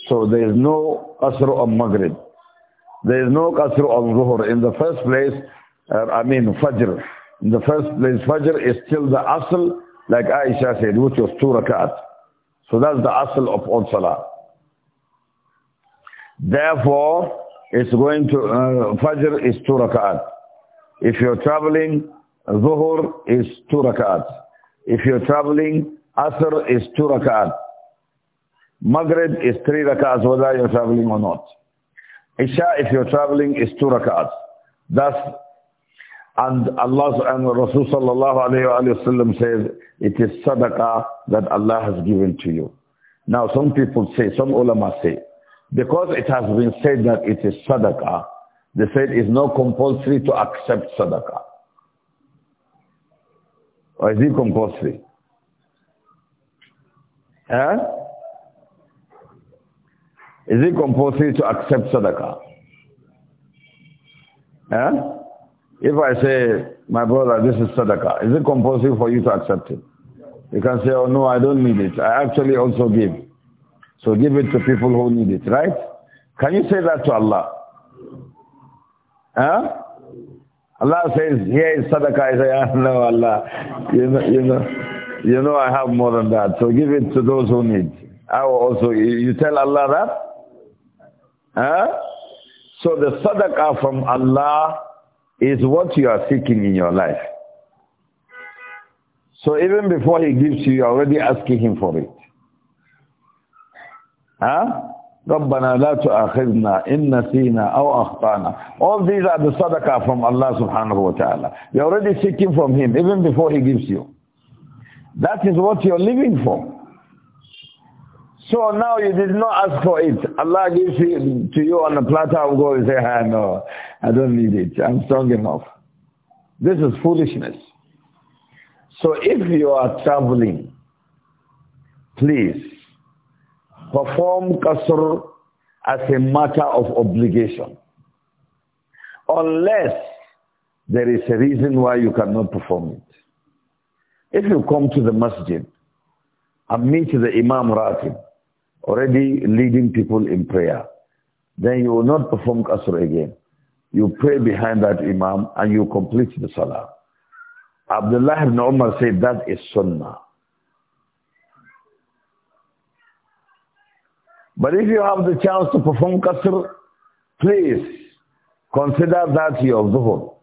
So there is no Qasr on Maghrib. There is no Qasr on Zuhur. In the first place, uh, I mean Fajr. In the first place, Fajr is still the Asr, like Aisha said, which was two rakat. So that's the asl of all salah. Therefore, it's going to, uh, Fajr is two rak'at. If you're traveling, Zuhur is two rak'at. If you're traveling, Asr is two rak'at. Maghrib is three rak'ats whether you're traveling or not. Isha, if you're traveling, is two rakat. That's and Allah and Rasul sallallahu alayhi wa sallam says, it is sadaqah that Allah has given to you. Now some people say, some ulama say, because it has been said that it is sadaqah, they said it's not compulsory to accept sadaqah. Or is it compulsory? Huh? Is it compulsory to accept sadaqah? Huh? If I say, my brother, this is sadaqah, is it compulsory for you to accept it? You can say, oh no, I don't need it. I actually also give. So give it to people who need it, right? Can you say that to Allah? Huh? Allah says, here is sadaqah. I say, oh, ah, no, Allah, you know, you know, you know I have more than that. So give it to those who need. I will also, you tell Allah that? Huh? So the sadaqah from Allah is what you are seeking in your life. So even before he gives you, you're already asking him for it. Huh? رَبَّنَا لَا تُؤَخِذْنَا إِن نَسِينَا أَوْ أَخْطَانَا All these are the sadaqah from Allah subhanahu wa ta'ala. You're already seeking from him even before he gives you. That is what you're living for. So now you did not ask for it. Allah gives it to you on a platter of gold. You say, ah, no, I don't need it. I'm strong enough. This is foolishness. So if you are traveling, please perform qasr as a matter of obligation. Unless there is a reason why you cannot perform it. If you come to the masjid and meet the Imam Ratib, already leading people in prayer. Then you will not perform qasr again. You pray behind that imam and you complete the salah. Abdullah ibn Umar said that is sunnah. But if you have the chance to perform qasr, please consider that your dhuhr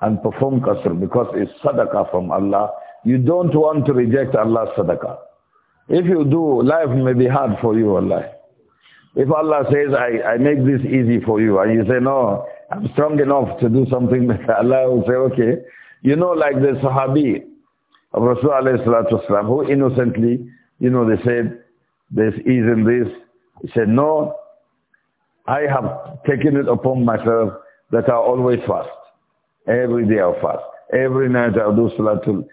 and perform qasr because it's sadaqah from Allah. You don't want to reject Allah's sadaqah. If you do, life may be hard for you, Allah. If Allah says, I, I make this easy for you, and you say, no, I'm strong enough to do something [laughs] Allah will say, okay. You know, like the Sahabi of Rasulullah who innocently, you know, they said, this is in this. He said, no, I have taken it upon myself that I always fast. Every day I'll fast. Every night I'll do Salatul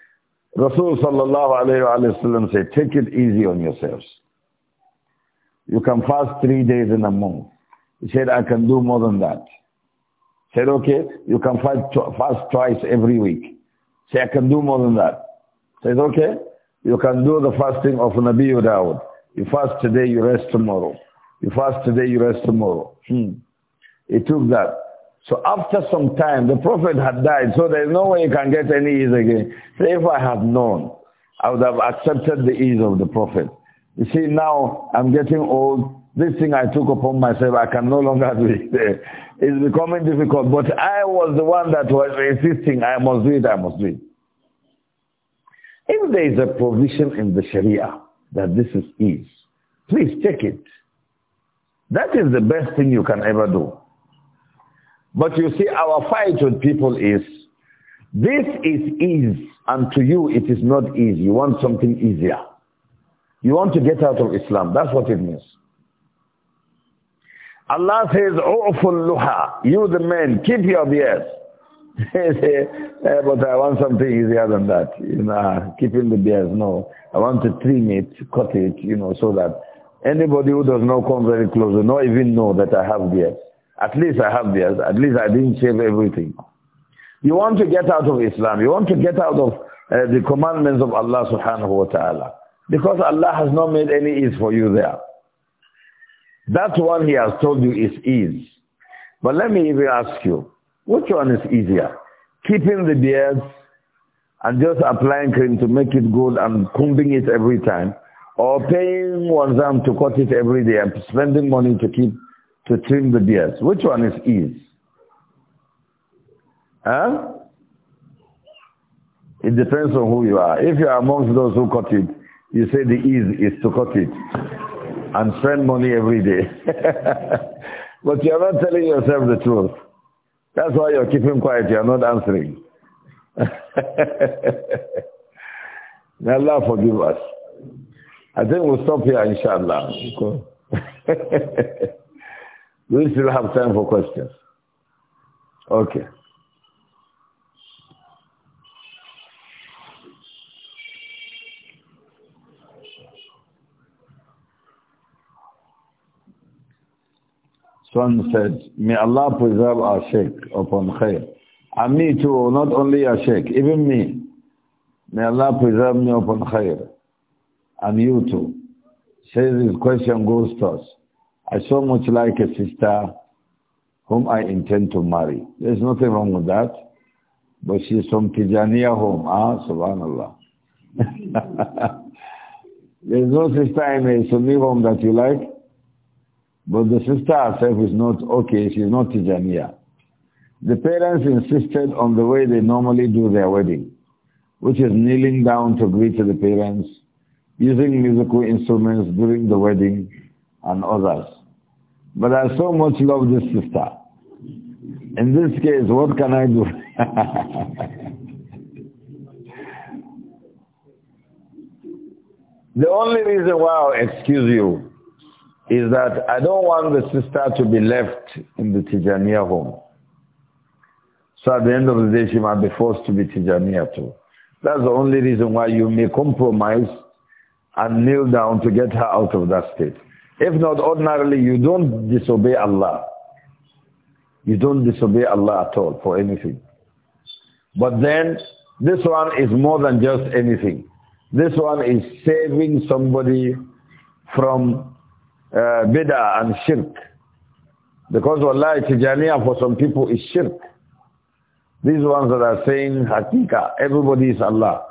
Rasul sallallahu alayhi wa said, take it easy on yourselves. You can fast three days in a month. He said, I can do more than that. He said, okay, you can fast, fast twice every week. Say, I can do more than that. He said, okay, you can do the fasting of Nabi Dawud. You fast today, you rest tomorrow. You fast today, you rest tomorrow. Hmm. He took that. So after some time, the prophet had died, so there's no way you can get any ease again. So if I had known, I would have accepted the ease of the prophet. You see, now I'm getting old. This thing I took upon myself, I can no longer [laughs] do it. It's becoming difficult. But I was the one that was insisting, I must do it, I must do it. If there is a provision in the Sharia that this is ease, please take it. That is the best thing you can ever do. But you see, our fight with people is, this is ease, and to you it is not easy. You want something easier. You want to get out of Islam. That's what it means. Allah says, "Awful luha, you the men, keep your beard." [laughs] say, eh, but I want something easier than that. You know, keeping the beard. No, I want to trim it, cut it. You know, so that anybody who does not come very close will not even know that I have beard. At least I have theirs. At least I didn't save everything. You want to get out of Islam. You want to get out of uh, the commandments of Allah subhanahu wa ta'ala. Because Allah has not made any ease for you there. That one he has told you is ease. But let me even ask you, which one is easier? Keeping the beard and just applying cream to make it good and combing it every time, or paying one zam to cut it every day and spending money to keep to trim the beards. Which one is ease? Huh? It depends on who you are. If you are amongst those who cut it, you say the ease is to cut it and spend money every day. [laughs] but you are not telling yourself the truth. That's why you're keeping quiet. You are not answering. [laughs] May Allah forgive us. I think we'll stop here, inshallah. Okay. [laughs] We still have time for questions. Okay. Someone said, may Allah preserve our Sheikh upon khair. And me too, not only your Sheikh, even me. May Allah preserve me upon khair. And you too. Say this question goes to us. I so much like a sister whom I intend to marry. There's nothing wrong with that. But she's from Tijaniya home. Ah, subhanallah. [laughs] There's no sister in a Sunni home that you like. But the sister herself is not okay. She's not Tijaniya. The parents insisted on the way they normally do their wedding, which is kneeling down to greet the parents, using musical instruments during the wedding, and others. But I so much love this sister. In this case, what can I do? [laughs] the only reason why I'll excuse you is that I don't want the sister to be left in the Tijaniya home. So at the end of the day, she might be forced to be Tijaniya too. That's the only reason why you may compromise and kneel down to get her out of that state. If not ordinarily, you don't disobey Allah. You don't disobey Allah at all for anything. But then, this one is more than just anything. This one is saving somebody from uh, bid'ah and shirk. Because Allah Tijaniyah for some people is shirk. These ones that are saying hakika, everybody is Allah.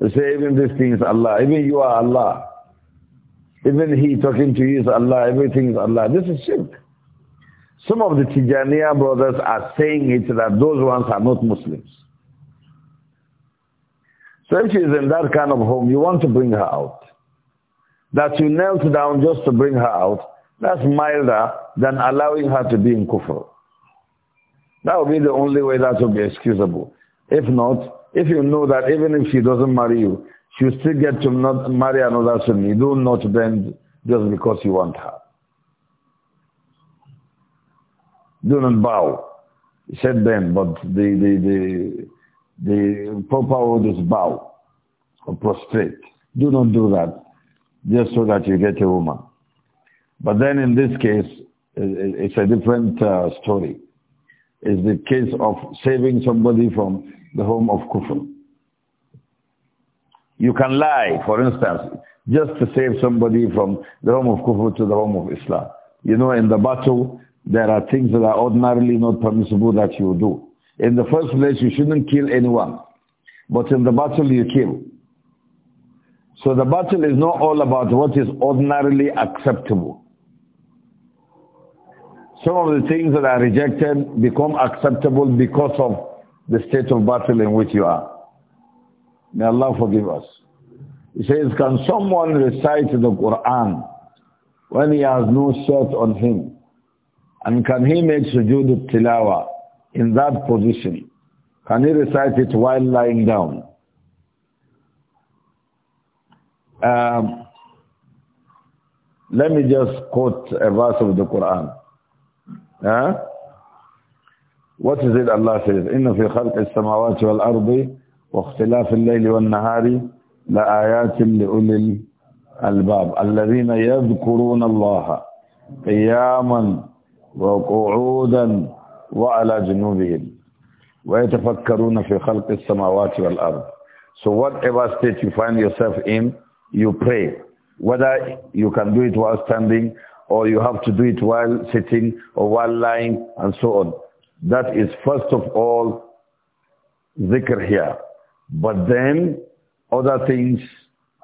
They say even these things Allah, even you are Allah. Even he talking to you is Allah, everything is Allah. This is shirk. Some of the Tijaniya brothers are saying it that those ones are not Muslims. So if she is in that kind of home, you want to bring her out. That you knelt down just to bring her out, that's milder than allowing her to be in kufr. That would be the only way that would be excusable. If not, if you know that even if she doesn't marry you, you still get to not marry another Sunni. Do not bend just because you want her. Do not bow. He said bend, but the, the, the, the proper word is bow or prostrate. Do not do that just so that you get a woman. But then in this case, it's a different uh, story. It's the case of saving somebody from the home of kufr. You can lie, for instance, just to save somebody from the home of kufr to the home of Islam. You know, in the battle, there are things that are ordinarily not permissible that you do. In the first place, you shouldn't kill anyone. But in the battle, you kill. So the battle is not all about what is ordinarily acceptable. Some of the things that are rejected become acceptable because of the state of battle in which you are. May Allah forgive us. He says, can someone recite the Quran when he has no shirt on him? And can he make sujood tilawa in that position? Can he recite it while lying down? Um, let me just quote a verse of the Quran. Huh? What is it Allah says? إِنَّ فِي خَلْقِ السَّمَاوَاتِ وَالْأَرْضِ واختلاف الليل والنهار لآيات لأولي الألباب الذين يذكرون الله قياما وقعودا وعلى جنوبهم ويتفكرون في خلق السماوات والأرض So whatever state you find yourself in, you pray. Whether you can do it while standing or you have to do it while sitting or while lying and so on. That is first of all zikr here. But then other things,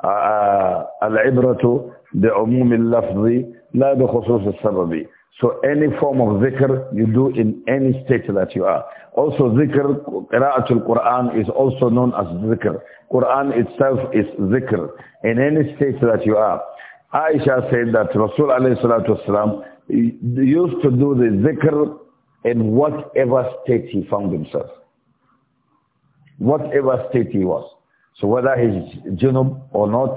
uh, uh, al-ibratu bi'umum al-lafzi la bi khusus al-sababi. So any form of zikr you do in any state that you are. Also zikr, qira'atul Quran is also known as zikr. Quran itself is zikr in any state that you are. Aisha said that Rasul alayhi salatu wasalam used to do the zikr in whatever state he found himself whatever state he was. So whether he's junub or not,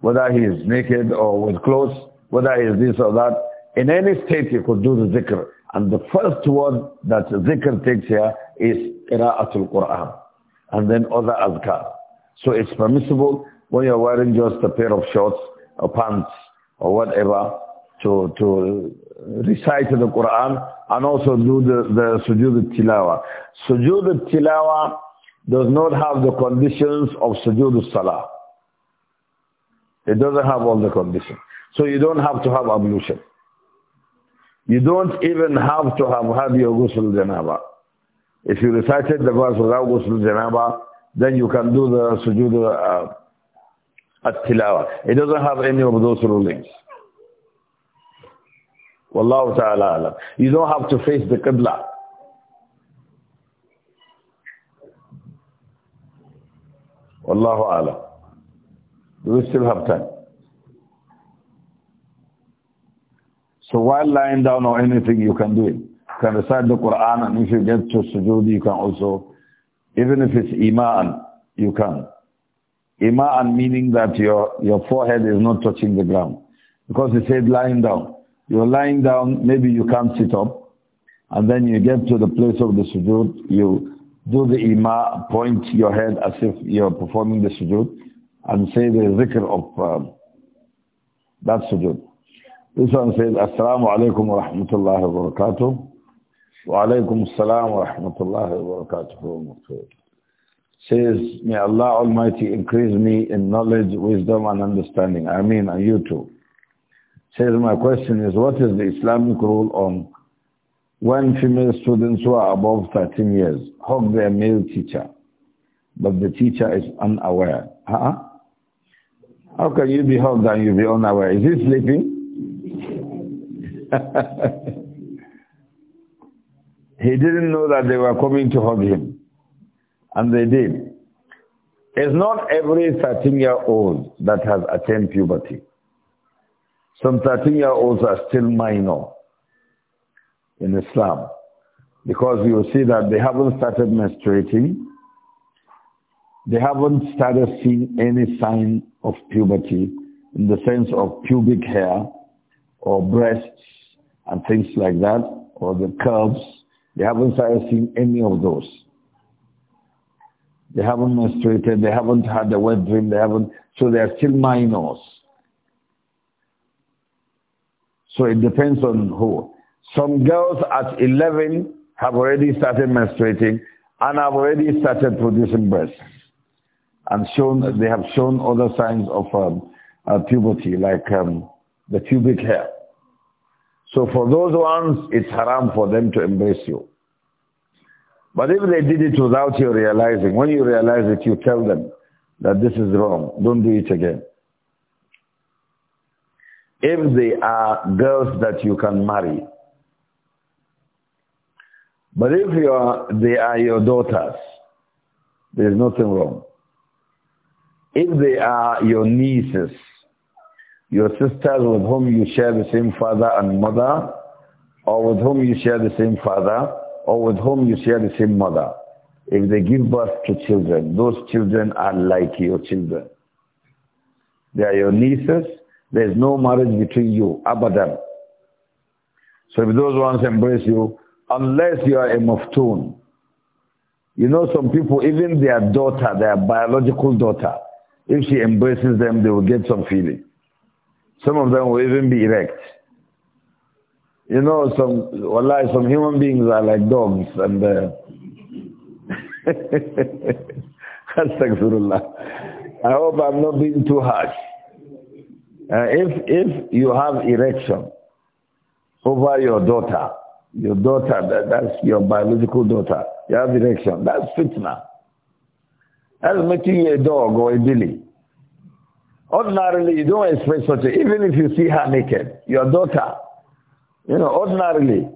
whether he is naked or with clothes, whether he is this or that, in any state you could do the zikr. And the first word that zikr takes here is qira'atul Qur'an. And then other azkar. So it's permissible when you're wearing just a pair of shorts or pants or whatever to, to recite the Qur'an and also do the, the sujood tilawa. Sujood tilawa does not have the conditions of sujood salah. It doesn't have all the conditions. So you don't have to have ablution. You don't even have to have had your ghusl janaba. If you recited the verse without ghusl janaba, then you can do the sujood uh, at-tilawa. It doesn't have any of those rulings. Wallahu ta'ala You don't have to face the qibla. Wallahu alam. Do we still have time? So while lying down or anything, you can do it. You can recite the Quran, and if you get to sujood, you can also, even if it's ima'an, you can. Ima'an meaning that your, your forehead is not touching the ground. Because he said lying down. You're lying down, maybe you can't sit up, and then you get to the place of the sujood, you do the ima, point your head as if you're performing the sujood, and say the zikr of uh, that sujood. This one says, Assalamu alaikum wa rahmatullahi wa barakatuh. Wa alaikum assalam wa rahmatullahi wa barakatuh. Says, may Allah Almighty increase me in knowledge, wisdom and understanding. I mean, and you too. Says, my question is, what is the Islamic rule on when female students who are above 13 years hug their male teacher, but the teacher is unaware. Huh? How can you be hugged and you be unaware? Is he sleeping? [laughs] he didn't know that they were coming to hug him. And they did. It's not every 13-year-old that has attained puberty. Some 13-year-olds are still minor in Islam. Because you will see that they haven't started menstruating. They haven't started seeing any sign of puberty in the sense of pubic hair or breasts and things like that, or the curves. They haven't started seeing any of those. They haven't menstruated, they haven't had a wet dream, they haven't, so they are still minors. So it depends on who. Some girls at 11 have already started menstruating and have already started producing breasts and shown they have shown other signs of um, uh, puberty like um, the pubic hair. So for those ones, it's haram for them to embrace you. But if they did it without you realizing, when you realize it, you tell them that this is wrong. Don't do it again. If they are girls that you can marry, but if you are, they are your daughters, there is nothing wrong. If they are your nieces, your sisters with whom you share the same father and mother, or with whom you share the same father, or with whom you share the same mother, if they give birth to children, those children are like your children. They are your nieces. There is no marriage between you, abadan. So if those ones embrace you, unless you are a muftoon. You know some people, even their daughter, their biological daughter, if she embraces them, they will get some feeling. Some of them will even be erect. You know, some wallahi, some human beings are like dogs and uh, [laughs] I hope I'm not being too harsh. Uh, if if you have erection over your daughter, your daughter, that, that's your biological daughter. You have erection. That's fitna. That's making you a dog or a billy. Ordinarily, you don't expect such a, even if you see her naked, your daughter, you know, ordinarily,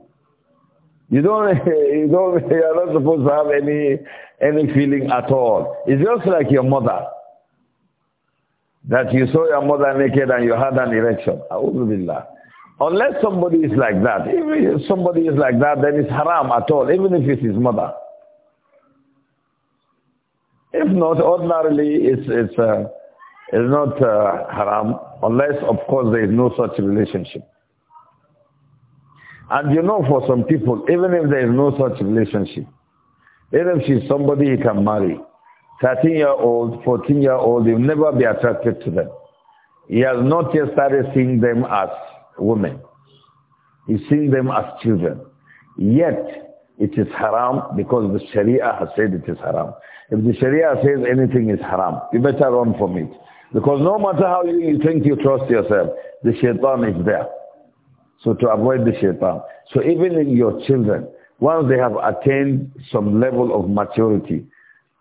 you don't, [laughs] you don't, you're not supposed to have any, any feeling at all. It's just like your mother. That you saw your mother naked and you had an erection. A'udhu Unless somebody is like that. If somebody is like that, then it's haram at all, even if it's his mother. If not, ordinarily it's, it's, uh, it's not uh, haram, unless of course there is no such relationship. And you know for some people, even if there is no such relationship, even if she's somebody he can marry, 13 year old, 14 year old, he'll never be attracted to them. He has not yet started seeing them as women. He's seeing them as children. Yet, it is haram because the Sharia has said it is haram. If the Sharia says anything is haram, you better run from it. Because no matter how you think you trust yourself, the shaitan is there. So to avoid the shaitan. So even in your children, once they have attained some level of maturity,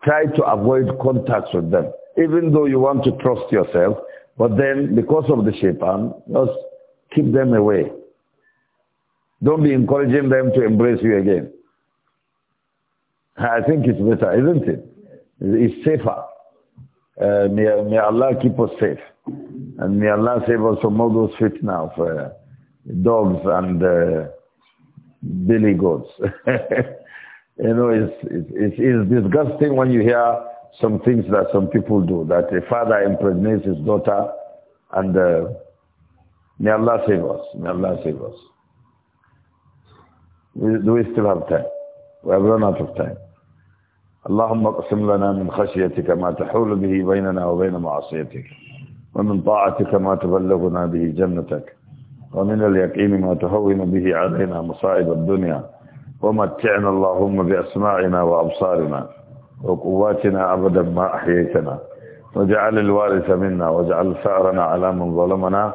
try to avoid contact with them. Even though you want to trust yourself, but then because of the shaitan, just Keep them away. Don't be encouraging them to embrace you again. I think it's better, isn't it? It's safer. Uh, may, may, Allah keep us safe. And may Allah save us from all those fitna of uh, dogs and uh, billy goats. [laughs] you know, it's, it's, it's disgusting when you hear some things that some people do, that a father impregnates his daughter and uh, May Allah save us. May Allah save us. Do we still have time? We have run out of time. اللهم اقسم لنا من خشيتك ما تحول به بيننا وبين معصيتك ومن طاعتك ما تبلغنا به جنتك ومن اليقين ما تهون به علينا مصائب الدنيا ومتعنا اللهم بأسماعنا وأبصارنا وقواتنا أبدا ما أحييتنا واجعل الوارث منا واجعل ثأرنا على من ظلمنا